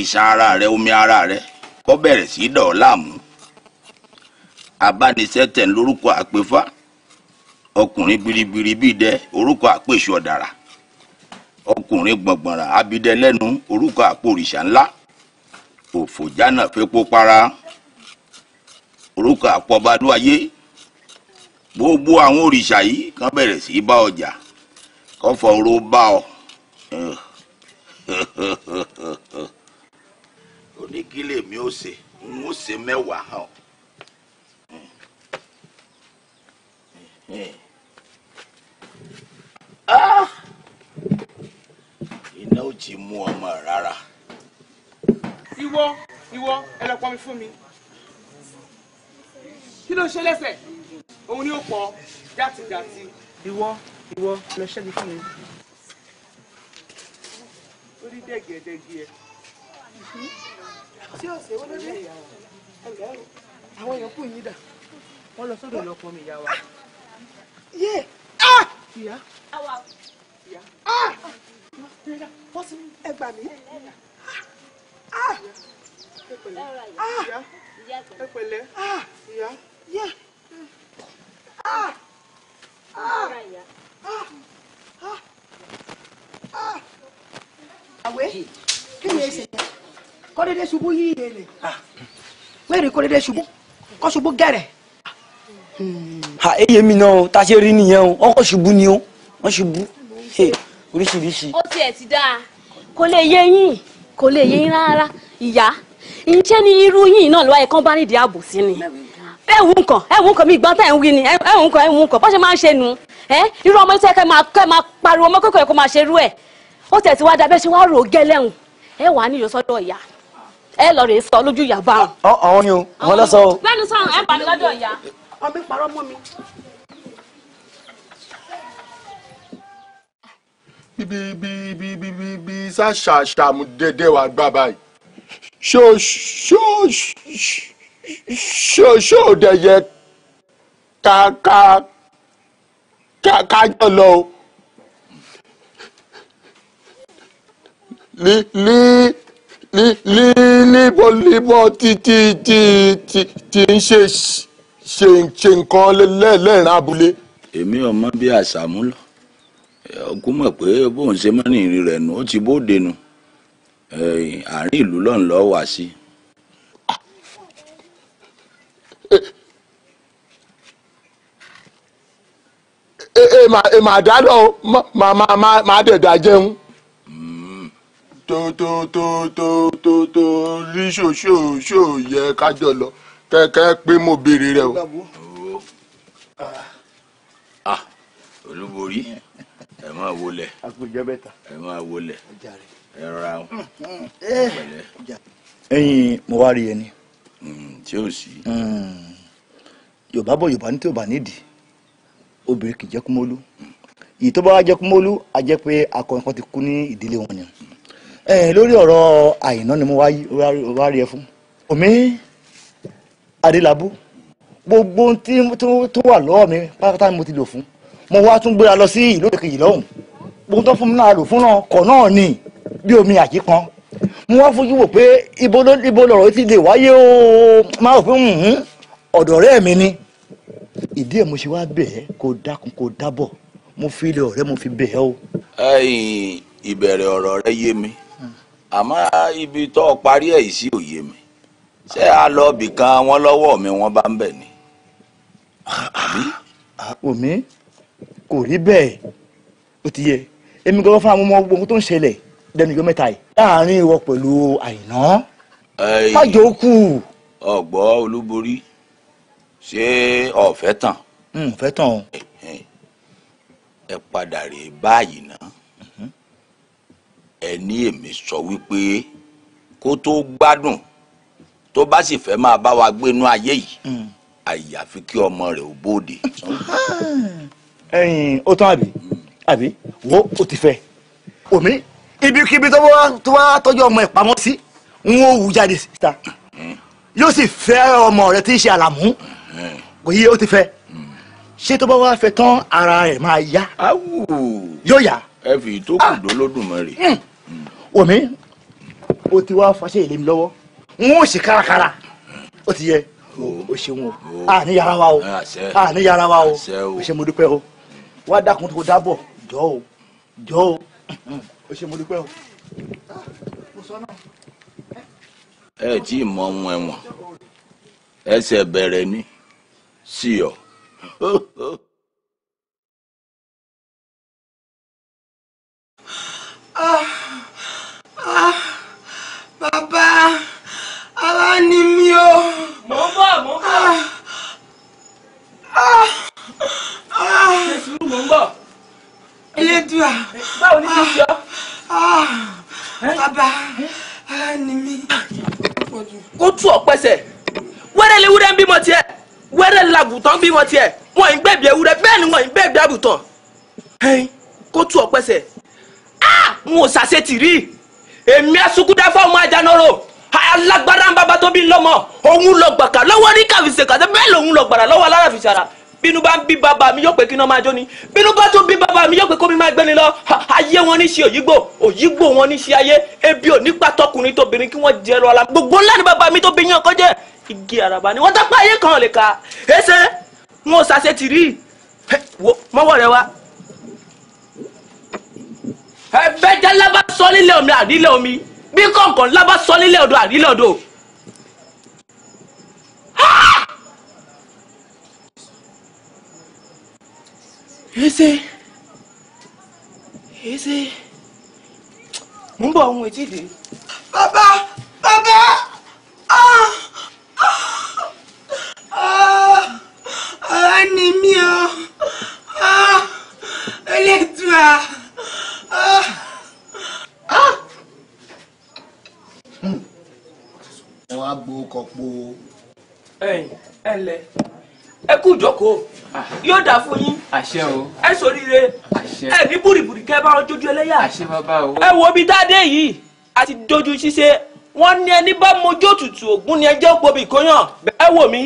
ìṣàn ara rẹ omi ara rẹ kọ́ bẹ̀rẹ̀ sí í dọ̀ láàmú abánisẹ́tẹ̀ lórúkọ àpèfá ọkùnrin biribiri bíi dẹ orúkọ àpèsù ọ̀dàrà ọkùnrin gbọ̀ngbọ̀nrà abidẹ lẹ́nu orúkọ àpòrìṣà ńlá òfò jánà fepo para orúkọ àpọ̀balúayé gbogbo àwọn òrìṣà yìí kan bẹ̀rẹ̀ sí í bá ọjà. Ja ọfọ̀rọ̀ bá ọ onígílé mi ò ṣe n ó ṣe mẹ́wàá hàn. Ah! iná ò jí mú ọmọ rárá. ìwọ ìwọ ẹ lọ pọnmi fún mi kí ló ṣe lẹ́sẹ̀ òun ni ó pọ̀ játijàti. ìwọ ìwọ lọ ṣẹ́gi fún mi. ó rí dẹ́gẹ̀ẹ́dẹ́gẹ̀ ẹ. Hmm? tí ọ̀sẹ̀ wọ́n ló dé àwọn èèyàn kù yín dà wọ́n lọ sọ́dọ̀ lọ́pọ̀ mi ìyá wa. yé ah! ìyá ìyá wọ́n ah! ti ẹ gbà mí. Ah! ẹ pẹ̀lẹ́ ìyá. 呀！啊！啊！àwẹ kí ni ẹsẹ kọ́dédé ṣubú yí iye rẹ̀ wẹ́ẹ̀rì kọ́dédé ṣubú kọ́ ṣubú gẹ̀rẹ̀. ha eye mi náà ta ṣe rí nìyẹn o ọkọ ṣubú ni o wọn ṣubú oríṣiríṣi. ó tiẹ̀ ti dáa kò lè yé yín kò lè yé yín rárá ìyá ǹjẹ́ ni irú yín náà lọ́wọ́ ẹ̀kan bá nídìí ààbò sí ni ẹ̀wù nǹkan ẹ̀wù nǹkan mi ìgbọ́n tẹ̀ ń wí ni ẹ̀wù nǹkan ẹ̀wù nǹkan bó ṣe máa ń ṣe nu ẹ irú ọmọ iṣẹ́ kẹ́ máa kẹ́ máa pariwo ọmọ kékeré kó máa ṣe irú ẹ̀ ó tẹ̀ wá dábẹ́ ṣe wá rò gẹ́lẹ́hùn ẹ wà á níyọ sọ́dọ̀ ìyá ẹ lọ rèé sọ lójú ìyá báwọn. àwọn ni o àwọn lọ sọ o. bẹ́ẹ̀ni sọ̀rọ̀ ẹ pàdé lọ́dọ̀ ìyá. ọmọ ìparọ́ mọ́ mi. bíbí bíbí bíbí bí ṣàṣàṣàmù dẹdẹ wà gbà báyìí ṣó ṣó ṣó ṣó dẹyẹ ká ká kájọ lọ o ní ní ní ní níbo níbo tí tí tí tí tí ń ṣe ṣe ṣe nǹkan lẹ́ẹ̀rán abúlé. èmi ọmọ bíi àṣàmú lọ ọkùn mọ̀ pé bóun ṣe mọ́nìyàn rẹ̀ nù ó ti bóde nù àárín ìlú lọ́nà lọ́ọ́ wá sí i E ma eh, màá dẹ̀ dá jẹun. tó tó tó tó yẹ kajọlọ mo rẹ o. Ah, ah, olúborí ẹ máa wọlé ẹ máa wọlé ẹ o hmm, hmm. mo wá rí ẹni. Hmm, obìnrin kì í jẹ́ kúmọ́lú èyí tó bá wá jẹ́ kúmọ́lú a jẹ́ pé akọrin kan ti kú ní ìdílé wọn ni lórí ọ̀rọ̀ àyìnà ni mo wá rí ẹ fún omi adélábù gbogbo tó wà lọ́wọ́ mi pátá ni mo ti lò fún mo wá tún gbéra lọ sí ìlú èkejì lọ́hùn gbogbo tó fún mi náà lò fún náà kọ̀ náà ni bí omi àjí kan mo wá fojú wò pé ibo lọ́rọ̀ ti lè wáyé o máa rò pé hmm, ọ̀dọ̀ ọ̀rẹ́ mi ni ìdí ẹ̀ mo ṣe wá bẹ̀ kó dákun kó dábọ̀ mo fi ilé ọ̀rẹ́ mo fi bẹ̀ ẹ́ o. ìbẹ̀rẹ̀ ọ̀rọ̀ rẹ yé mi àmọ́ ibi tó o parí ẹ̀ sí òye mi ṣé a lọ bì kan wọ́n lọ́wọ́ mi wọ́n bá ń bẹ̀ ni. omi kò rí bẹ́ẹ̀ ó ti yẹ èmi gan-an fún àwọn ọmọ ogun tó ń ṣẹlẹ̀ lẹ́nu ìjọ mẹ́ta yìí láàárín ìwọ pẹ̀lú àìná. májò kù. olúborí ṣé ọ̀fẹ́ tán. n fẹ́ tán o. ẹ padà rè báyìí ná mhm. ẹ ní èmi sọ wípé kó tó gbádùn tó bá sì fẹ́ máa bá wa gbénú ayé yìí mm. àyàfi kí ọmọ rẹ̀ ò bóde. ẹyin ó tán àbí mm. àbí wo ó ti fẹ́ omi ibikíbi tó wá tọ́jú ọmọ ẹ̀ pamọ́ sí n ó wù jáde síta mm. yóò sì fẹ́ ọmọ rẹ̀ tí ń ṣe àlàmú. Mm kò yí ó ti fẹ́ ṣé tó bá wá fẹ́ tán ara rẹ̀ máa yá yóò yá. ẹ fi tó kù ah. dólódùmarè. omi hmm. o ti wá faṣẹ́ ìlémi lọ́wọ́ n ó ṣe kárakára ó ti yẹ o ṣeun o àní yàrá wa o àní yàrá wa o o ṣe mo dúpẹ́ o wá dákun tó dábọ̀ jọ o jọ o o ṣe mo dúpẹ́ o. ẹ tí ì mọ ohun ẹ̀wọ̀n ẹsẹ̀ bẹ̀rẹ̀ ni. See you. ah, ah, bàbá, ara ni mi o. Mo ń bọ̀, mo ń bọ̀. Ah, ah, ah. Ṣé sùúrù mo ń bọ̀? Elédùà. Eh, báwo ni kí n yọ? Eh? Bàbá, ara ni mi. Kó wẹ́rẹ́ làgùtàn bímọ tiẹ̀ wọ́n ń gbẹ̀bí ewúrẹ́ bẹ́ẹ̀ ni wọ́n ń gbẹ̀bí àgùtàn ẹ̀yìn kó tú ọ̀pẹ̀sẹ̀ n ò ṣàṣetì rí èmi asukúdá fáwọn ajánáró alágbára ń bábá tó bí lọ́mọ òun lọ gbàkà lọ́wọ́ ní kàfíṣe kàtẹ́ bẹ́ẹ̀ lòun lọ gbàrà lọ́wọ́ alára fi ṣàrà bínú bá ń bí bàbá mi yóò pé kí n máa jó ni bínú bá tún bí bàbá mi yóò pé kó mi máa gbẹ́ni lọ ayé wọn ní ṣe òyìnbó òyìnbó wọn ní ṣe ayé ebi ò nípa tọkùnrin tóbìnrin kí wọ́n jẹ lọ́la gbogbo ńlá ni bàbá mi tó bí yín ọkọ igi àràbà ni wọ́n tọ́ ayé kan lè ka ẹsẹ̀ n ò sase tì rí wo mọ́wọ́ rẹ wá. ẹ̀fẹ́ jẹ́ lábá sọ nílé omi àrílé omi bí kọ̀ọ̀kan lábá sọ nílé odò àrílé odò. ẹsẹ̀ ẹsẹ̀ mo ń bọ̀ ohun etí dè ẹ̀yin ẹlẹ ẹ kú ìjókòó ah. yóò dà fún yín ẹ ṣoríire ẹ ní búrìbúrì kẹ bá wọn jójú ẹ wo bí dáadé yìí àti dojú ṣíṣe wọn ní ẹni bá mojú òtútù ògún ni ẹjọ́ gbobi ìkóyàn ẹ wò mí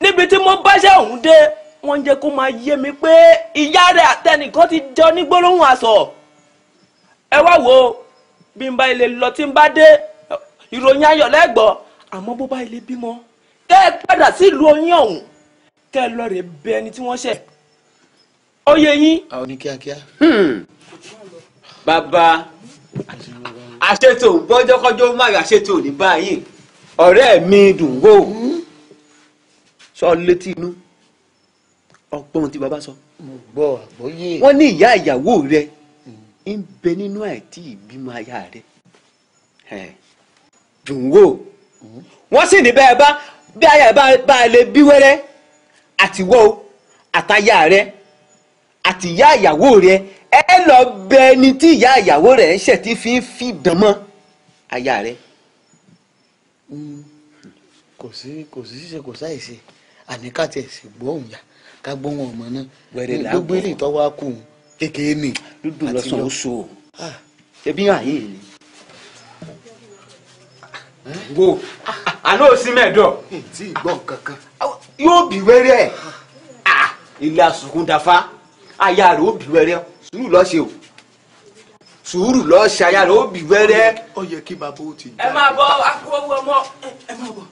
níbi tí mo báṣẹ òun dé wọn jẹ kó máa yé mi pé ìyá rẹ àtẹnìkan ti jọ ní àṣọ ẹ wá wo bí n bá ilé lọ tí n bá dé ìròyìn ayọ̀ lẹ́gbọ̀ọ́ àmọ́ bó bá ilé bímọ kẹ́ ẹ padà sílùú oyin ọ̀hún kẹ́ ẹ lọ rè bẹ ẹni tí wọ́n ṣẹ̀ ó yẹ yín. àwọn ní kíákíá. Hmm. bàbá àṣetò bọ́jọ́kọ́jọ́ máa àṣetò ní báyìí ọ̀rẹ́ mi dùn wò hmm. sọ létí inú ọgbọ́n tí bàbá sọ. mo gbọ́ àgbọ́yé. wọ́n ní ìyá ìyàwó rẹ̀ ń bẹ nínú àìtí ìbímọ aya rẹ̀ dùn wò hmm. wọ́n sì ní bẹ́ẹ̀ bá bí aya bá a lè bí wẹ́rẹ́ àtiwọ́ o àtaya rẹ àti ìyá ìyàwó rẹ ẹ lọ bẹ ẹni tí ìyá ìyàwó rẹ ń ṣẹ̀ tí fi ń fi dán mọ́ aya rẹ. Hmm. kò sí kò sí ṣíṣe kò sáì ṣe àní ká tiẹ̀ sì gbọ́ òun yá ká gbọ́ wọn ọmọ náà wẹ́rẹ́ làá gbogbo ilé ìtọ́wá kù kékeré ni. dúdú lọ́sàn-án ó so ẹbí ah. ààyè ni wo àná ò sí mẹ́ẹ̀dọ̀. tí ìgbọ́n kankan. yóò bí wẹ́rẹ́ ẹ̀ ilé asùnkún dafa aya rẹ̀ ó bí wẹ́rẹ́ sùúrù lọ́ọ́ ṣe o sùúrù lọ́ọ́ ṣe aya rẹ̀ ó bí wẹ́rẹ́. ó yẹ kí bàbá ó ti gbà. ẹ máa bọ akú owó ọmọ ẹ máa bọ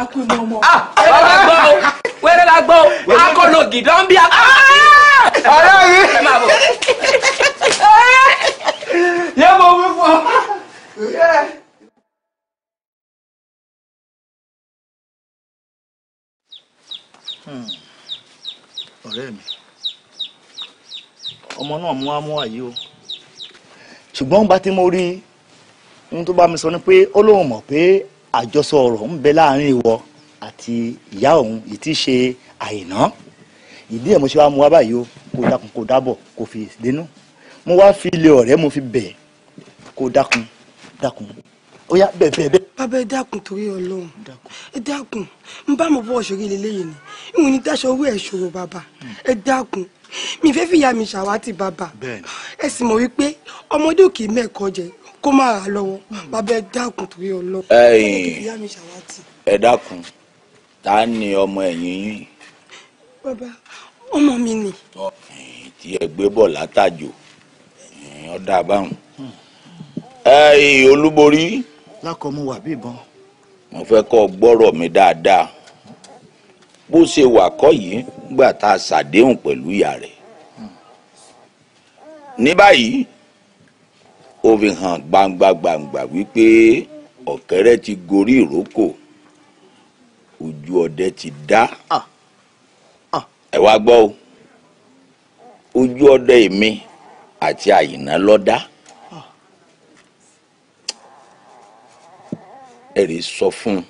akú owó ọmọ. Ah, wẹ́rẹ́ la gbọ́ o wẹ́rẹ́ la gbọ́ o akọ̀nà gìdán bí akọ̀nà. Ah! ọ̀rọ̀ yìí ẹ máa bọ̀. yẹ mo wí fún ọ. ọ̀rẹ́ mi ọmọ náà mú wá mú wá yìí o ṣùgbọ́n bá tí mo rí ohun tó bá mi sọ ni pé ó lóun mọ̀ pé àjọsọ ọ̀rọ̀ ń bẹ láàrin ìwọ àti ìyá òun yìí ti ṣe àìná ìdí ẹ̀ mo ṣe wá mu wá báyìí o kó dákun kó dábọ̀ kó fi dénú mo wá fi ilé ọ̀rẹ́ mo fi bẹ̀ kó dákun dákun ó yá bẹ̀bẹ̀ bẹ̀. bàbá ẹ dákun torí Ọlọ́run ẹ mo ni ìwọn ní dáṣọ owó ẹ ṣòro bàbá ẹ dákun mi fẹ́ fìyà mi ṣàwátì bàbá ẹ sì mọ̀ wípé ọmọdé òkè mẹ́ẹ̀kọ́ jẹ kó má ra lọ́wọ́ bàbá ẹ dákun torí Ọlọ́run ẹ dákun ta ni ọmọ ẹ̀yìn yin. bàbá ọmọ mi ni. tí ẹ bọ̀ látàjò olúborí. lákọ mo wà bí ìbọn. mo fẹ́ kọ́ gbọ́rọ̀ mi dáadáa bó ṣe wà kọ́ yìí nígbà tá a ṣàdéhùn pẹ̀lú ìyá rẹ̀ ní báyìí ó fi hàn gbangba gbangba wípé ọ̀kẹ́rẹ́ ti gorí ìrókò ojú ọdẹ ti dá ah, ah. ẹ wá gbọ́ o ojú ọdẹ èmi àti àyìnà lọ́dá ẹ̀rí sọ fún un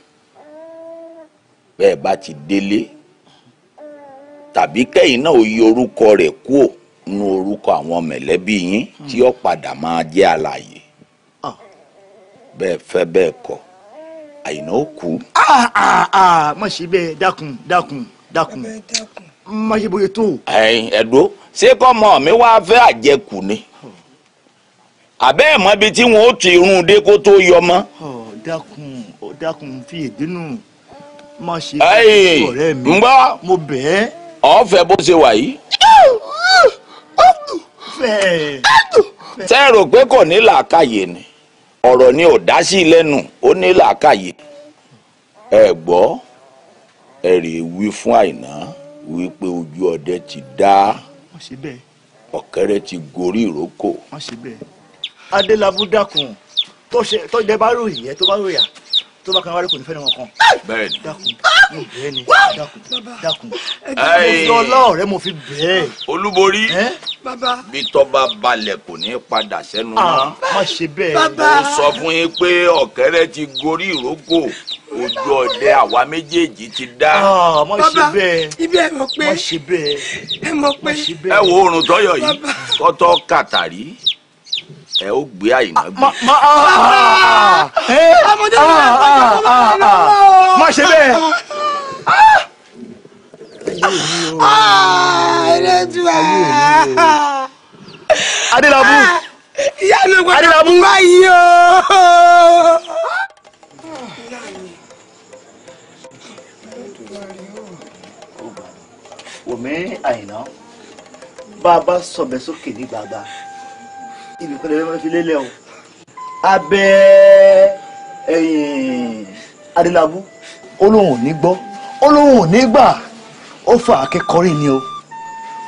bẹ́ẹ̀ bá ti délé tàbí kẹ́yìn náà ó yí orúkọ rẹ̀ kúò nínú orúkọ àwọn mẹ̀lẹ́bí yín tí ó padà máa jẹ́ àlàyé ah. bẹ́ẹ̀ fẹ́ bẹ́ẹ̀ kọ́ àyìnà ó kú. Ah, ah, má ṣe bẹ́ẹ̀ dákun dákun dákun má ṣe bóye tó. ẹ̀dọ́ ṣé kọ́mọ mi wá fẹ́ àjẹkù ni oh. àbẹ́ẹ̀mọ́ bíi tí wọ́n ó ti irun dé kó tó yọ mọ́. Oh dákun ọ dákun fi ìdínú má ṣe fún ọ̀rẹ́ mi mo bẹ̀ ẹ́. ọ̀fẹ́ bó ṣe wà yìí. tẹ́ ẹ rò pé kò ní làákàyè ni ọ̀rọ̀ ni ò dá sí lẹ́nu ó ní làákàyè ẹ gbọ́ ẹ rè wí fún àìná wípé ojú ọdẹ ti dá ọ̀kẹ́rẹ́ ti gorí ìrókò. adélábù dákun tó ṣe tó dẹ bá ròyìn yẹn tó bá ròyà tó bá kan wárí kò ní fẹ́ràn wọn kan. bẹ́ẹ̀ni dákun bẹ́ẹ̀ ni dákun dákun mo fi ọlọ́ọ̀rẹ́ mo fi bẹ́ẹ̀. olúborí bí tọ́ba balẹ̀ kò ní padà sẹ́nu mọ́. má ṣe sọ fún yín pé ọ̀kẹ́rẹ́ ti gorí ìrókò ojú ọdẹ àwa méjèèjì ti dá. má ibi ẹ mọ̀ pé ẹ mọ̀ pé ẹ wo oorun tọyọ yìí tọ́tọ́ kàtàrí ẹ ó gbé àyìnà gbé. má ṣe bẹ́ẹ̀. Adélábù Adélábù báyìí o. Wòmí àyìnà bá a bá sọ̀bẹ̀ sókè ní gbàgbà ibi kan lè máa fi lélẹ̀ abẹ́ adélábù olóhùn ní gbọ́ olóhùn ní gbà ó fà akẹ́kọ̀ọ́rì ni o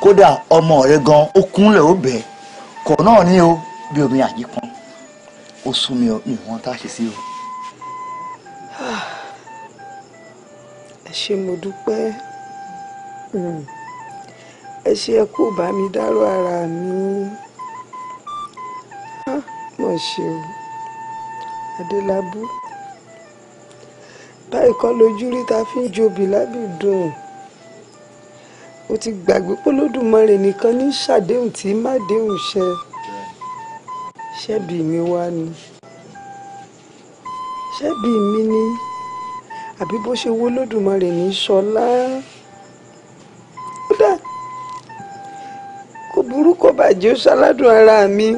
kódà ọmọ rẹ gan ó kúnlẹ̀ ó bẹ̀ kọ̀ náà ni o bí omi àjí kan ó sún mi mi wọn tá a ṣe sí o. ẹ ṣé mo dúpẹ́ hmm. ẹ ṣé ẹ kú bá mi dárò ara mi. Mm mọ̀ ṣe o adélábù báyìí kọ́ lójú rí ta fi ń jobi lábìdùn o ti gbàgbé pólódùmarè nìkan ní ṣàdéhùn tí má déhùn ṣe ṣẹ́bi mi wá ni ṣẹ́bi mi ni àbí bó ṣe wó lódùmarè ní ṣọlá kódà kò burú kó bàjẹ́ ṣaládùn ara mi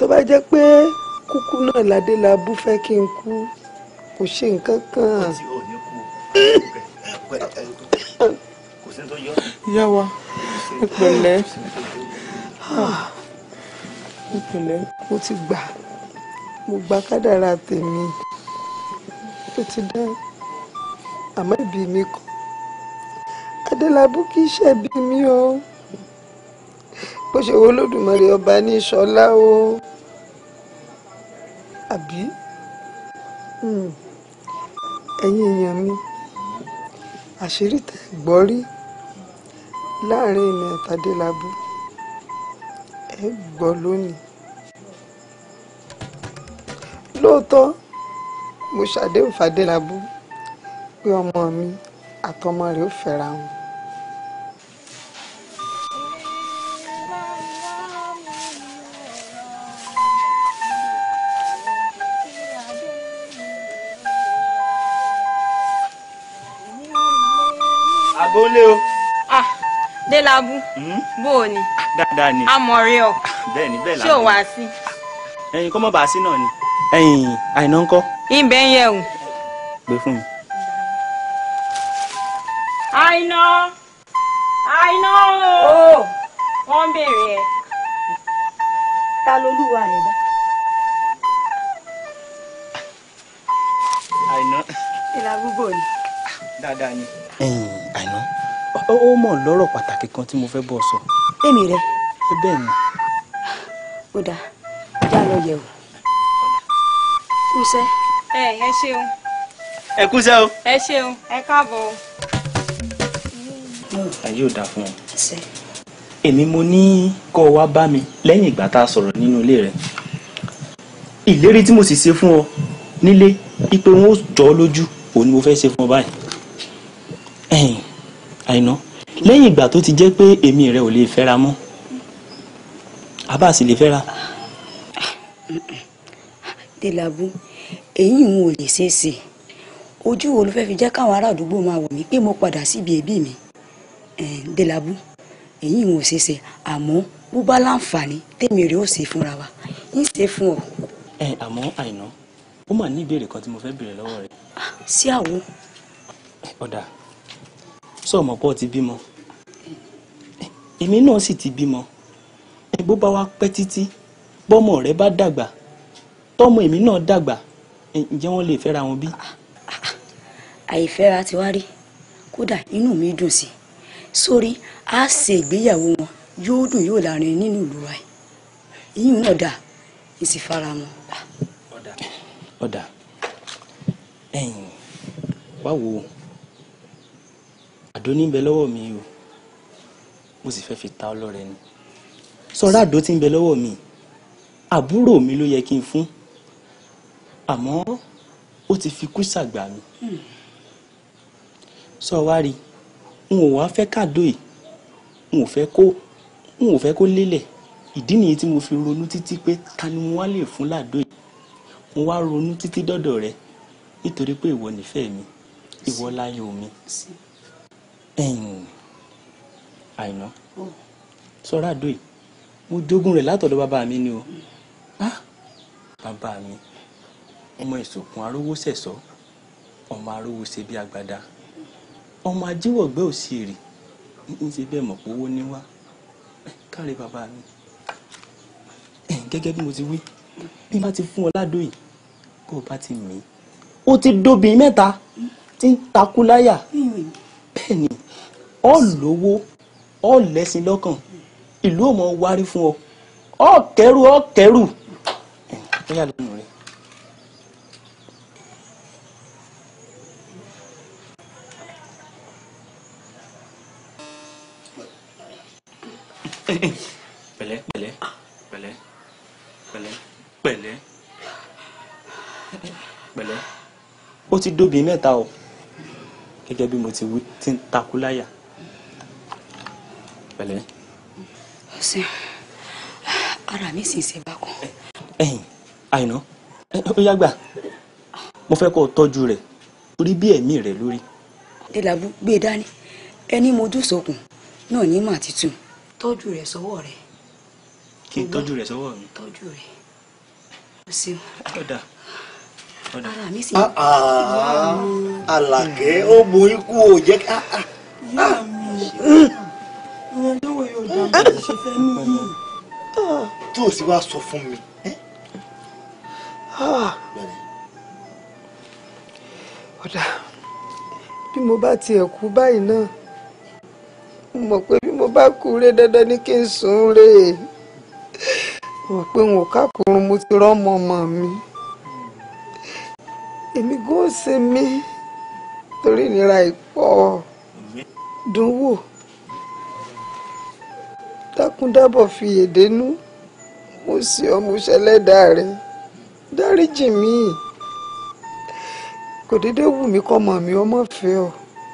tó bá jẹ́ pé kúkú náà ládé la bú fẹ́ kí n kú kò ṣe nǹkan kan. ìyá wa ìpẹ̀lẹ́ ìpẹ̀lẹ́ ah, mo ti gbà mo gba kádàrá tèmi ó ti dá àmọ́ ìbí mi kọ́ adélábù kì í ṣẹ̀bi mi o bó ṣe wo Olódùmarè ọba ní ìṣọlá o àbí hmm. ẹ̀yin èèyàn mi àṣírí tẹ́ gbọ́ rí láàrin èmi àtàdélábù ẹ gbọ́ lónìí lóòótọ́ mo ṣàdéhùn fàdélábù pé ọmọ mi àtọmọ rẹ̀ ó fẹ́ra wọn àbò ńlé o. ah Délabú hmm? bó o ni. Ah, dáadáa ni. amọ̀rẹ́ ọ. Ah, bẹ́ẹ̀ ni bẹ́ẹ̀ la. ṣé o wá sí. Ah, ẹyin kọ́ mọ̀ bá a sí náà ni. ẹyin àìná ń kọ́. ibẹ̀ ń yẹ̀ o. pé fún mi. àìná àìná o wọ́n ń béèrè ẹ̀. ta lolúwa rẹ̀ dá. àìná. Délabú bó ni. dáadáa ni ó mọ̀ lọ́rọ̀ pàtàkì kan tí mo fẹ́ bọ́ sọ. èmi rẹ. bẹ́ẹ̀ ni. ó dáa já lọ yẹ̀ wò. kúṣẹ́. ẹ ẹ ṣeun. ẹ kúṣẹ́ o. ẹ ṣeun ẹ káàbọ̀ o. Hmm, ayé ò dáa fún ọ. èmi mo ní kó o wá bá mi lẹ́yìn ìgbà tá a sọ̀rọ̀ nínú ilé rẹ̀ ìlérí tí mo sì ṣe fún ọ nílé ipe wọn ò jọ ọ lójú òun ni mo fẹ́ ṣe fún ọ báyìí àìná lẹ́yìn ìgbà tó ti jẹ́ pé èmi rẹ ò lè fẹ́ra mọ́ abá sì lè fẹ́ra. dèlàbù èyí ń wòye ṣeéṣe ojú wo ló fẹ́ fi jẹ́ káwọn ará àdúgbò máa wò mí pé mo padà síbi ẹbí mi dèlàbù èyí ń wò ṣeéṣe àmọ́ bó bá láǹfààní tèmi rẹ ó ṣe fúnra wa ń ṣe fún ọ. ẹ àmọ́ àìná ó mà ní ìbéèrè kan tí mo fẹ́ béèrè lọ́wọ́ rẹ. sí àwo. ọ̀dà. Eh, sọ̀mọ́ pọ̀ ti bímọ èmi náà sì ti bímọ bó bá wá pẹ́ títí bọ́mọ rẹ bá dàgbà tọ́mọ èmi náà dàgbà ǹjẹ́ wọ́n lè fẹ́ra wọn bí. àìfẹ́ra ti wá rí kódà inú mi dùn sí i sórí a ṣe ìgbéyàwó wọn yóò dùn yóò láàrin nínú ìlú wa yìí náà dà èsì fara ọ̀dà ọ̀dà ẹ̀yìn wá wo àdó ní bẹ lọ́wọ́ mi o mo sì fẹ́ fi ta ọlọ́rẹ ni sọ̀rọ̀ àdó tí ń bẹ lọ́wọ́ mi àbúrò mi ló yẹ kí n fún àmọ́ ó ti fi kú ṣàgbà mi sọ wá rí n ò wá fẹ́ kàdó yìí n ò fẹ́ kó n ò fẹ́ kó lélẹ̀ ìdí nìyí tí mo fi ronú títí pé ta ni mo wá lè fún làdó yìí mo wá ronú títí dọ́dọ̀ rẹ nítorí pé ìwọ nífẹ̀ẹ́ mi ìwọ láyọ̀ mi. Sí àìná sọ́ra àdó yìí mo jogún rẹ̀ látọ̀dọ̀ bàbá mi ni o bàbá mi ọmọ ìsòkun arówó sẹ̀sọ́ ọmọ arówó ṣe bí agbada ọmọ ajíwọ̀gbẹ́ ò sí èrè ń ṣe bẹ́ẹ̀ mọ̀ pé owó níwá káre bàbá mi gẹ́gẹ́ bí mo ti wí bí n bá ti fún ọ ládò yìí bó o bá ti mì í o ti dóbi mẹ́ta tí ń takú láyà bẹ́ẹ̀ ni ọ lówó ọ lẹ́sìn lọ́kàn ìlú ò mọ wárí fún ọ ọ kẹrù ọ kẹrù bóyá lónìí rẹ. pẹ̀lẹ́ pẹ̀lẹ́ pẹ̀lẹ́ ó ti dóbi mẹ́ta o gẹ́gẹ́ bí mo ti wí tí ń takú láyà pẹ̀lẹ́. ọ̀sẹ̀ ara mi sì ń ṣe bákan. ẹ̀yin àìná ó yá gbà mo fẹ́ kó o tọ́jú rẹ̀ torí bí ẹ̀mí rẹ̀ lórí. dèlàbù gbé e dání ẹni mojú sọkùn náà ní mà títù tọ́jú rẹ̀ sọ́wọ́ rẹ̀. kí n tọ́jú rẹ̀ sọ́wọ́ mi. tọ́jú rẹ̀ ó ṣeun. ọ̀dà ọ̀dà. ara mi sì ń ah, ah, bá a. alàkẹ́ ó bu ikú ò jẹ́ ká. Ah, yá ìyẹn lówó yóò dá mi eh? ṣe fẹ́ mú mi. Ah. tí o sì wá sọ fún mi. Eh? Ah. ọ̀dà bí mo bá tiẹ̀ kú báyìí náà mo mọ̀ pé bí mo bá kú ré dandan ni kí n sùn rè é mo mọ̀ pé n ò kákòrún mo ti rọ́mọ ọmọ mi èmi gan ó ṣe mí torí ìnira ìpọ̀ dùn wò dákúndábọ̀ fi èdè nú mo sì ọmọ ṣẹlẹ́dàá rẹ dáríjì mí kò déédé wù mí kọ́mọ mi ọmọ fẹ́ ọ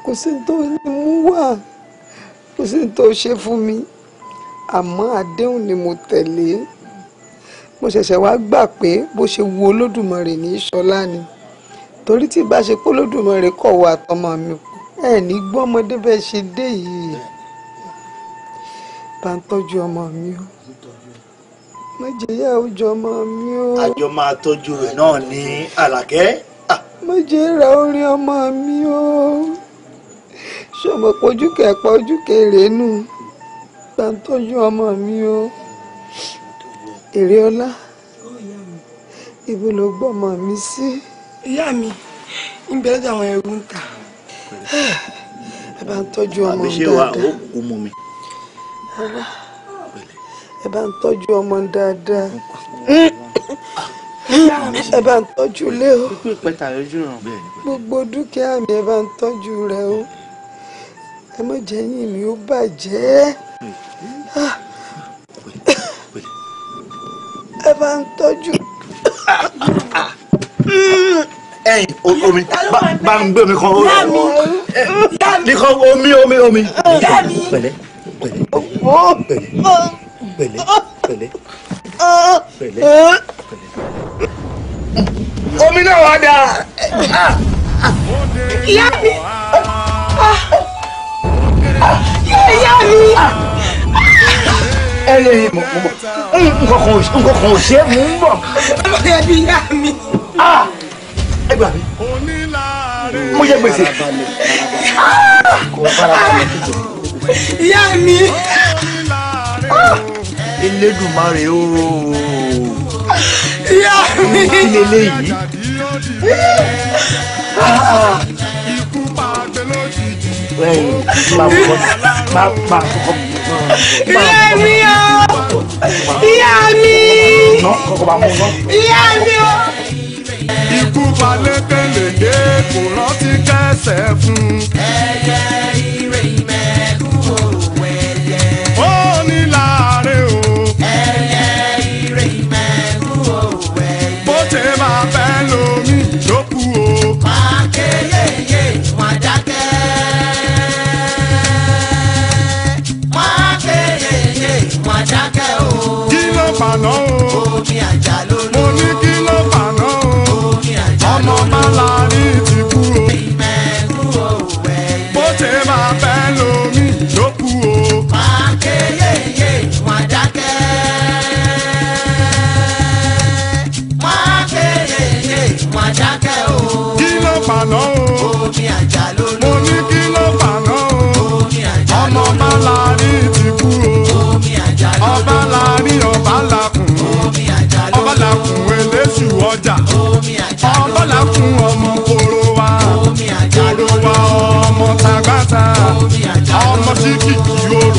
kò sí tó mú wá kò sí tó ṣe fún mi àmọ́ àdéhùn ni mo tẹ̀lé mo ṣẹ̀ṣẹ̀ wá gbà pé bó ṣe wu olódùmarè ní ìṣọlá ni torí tí ìbá ṣe pé olódùmarè kọ̀ wọ àtọmọ mi ẹ̀ ní gbọ́mọdé bẹ́ẹ̀ ṣe dé yìí bá ń tọ́jú ọmọ mi o má jẹ́ ìyá òjò ọmọ mi o. àjọ máa tọ́jú rẹ̀ náà ní àlàkẹ́. má jẹ́ ra orin ọmọ mi o ṣọmọ pojúkẹ pojúkẹ rèénú bá ń tọ́jú ọmọ mi o èrè ọlá ibo ló gbọ́ ọmọ mi sí. ìyá mi ń bẹ lọ́dọ̀ ẹrú ń ta ẹ bá ń tọ́jú ọmọ mi dáadáa ẹ bá ń tọ́jú ọmọ dáadáa ẹ bá ń tọ́jú ilé o gbogbo dúkìá mi ẹ bá ń tọ́jú rẹ o ẹ má jẹ́ yín mi ó bàjẹ́ ẹ bá ń tọ́jú. ẹyin omi bá ń gbé omi kan omi omi omi pẹ̀lẹ́ pẹ̀lẹ́ pẹ̀lẹ́ pẹ̀lẹ́ pẹ̀lẹ́. omi náà wá dáa ìyá mi ìyá mi. ẹ lè mọ̀ mọ̀ nǹkan kan ò ṣe é mú bọ̀. ọmọ yẹn bí ìyá mi. ẹ gbà mí mo jẹ gbèsè. kò fara balẹ̀ kò jẹ ìyá mi Elédùmarè o ìyá mi kí leléyìí ìyá mi o ìyá mi ìyá mi o. ikú balẹ̀ kẹ́lẹ̀ dé kò rántí kẹsẹ̀ fún. ẹyẹ ire ìmẹ́. náà o. omi àjà ló lò. mo ní kí ló fà náà o. omi àjà ló lò. o. ìmẹ̀ o wẹ̀ yẹ. bó ṣe máa fẹ́ lomi ló kú o. máa ké o. kí ló fà náà o. omi your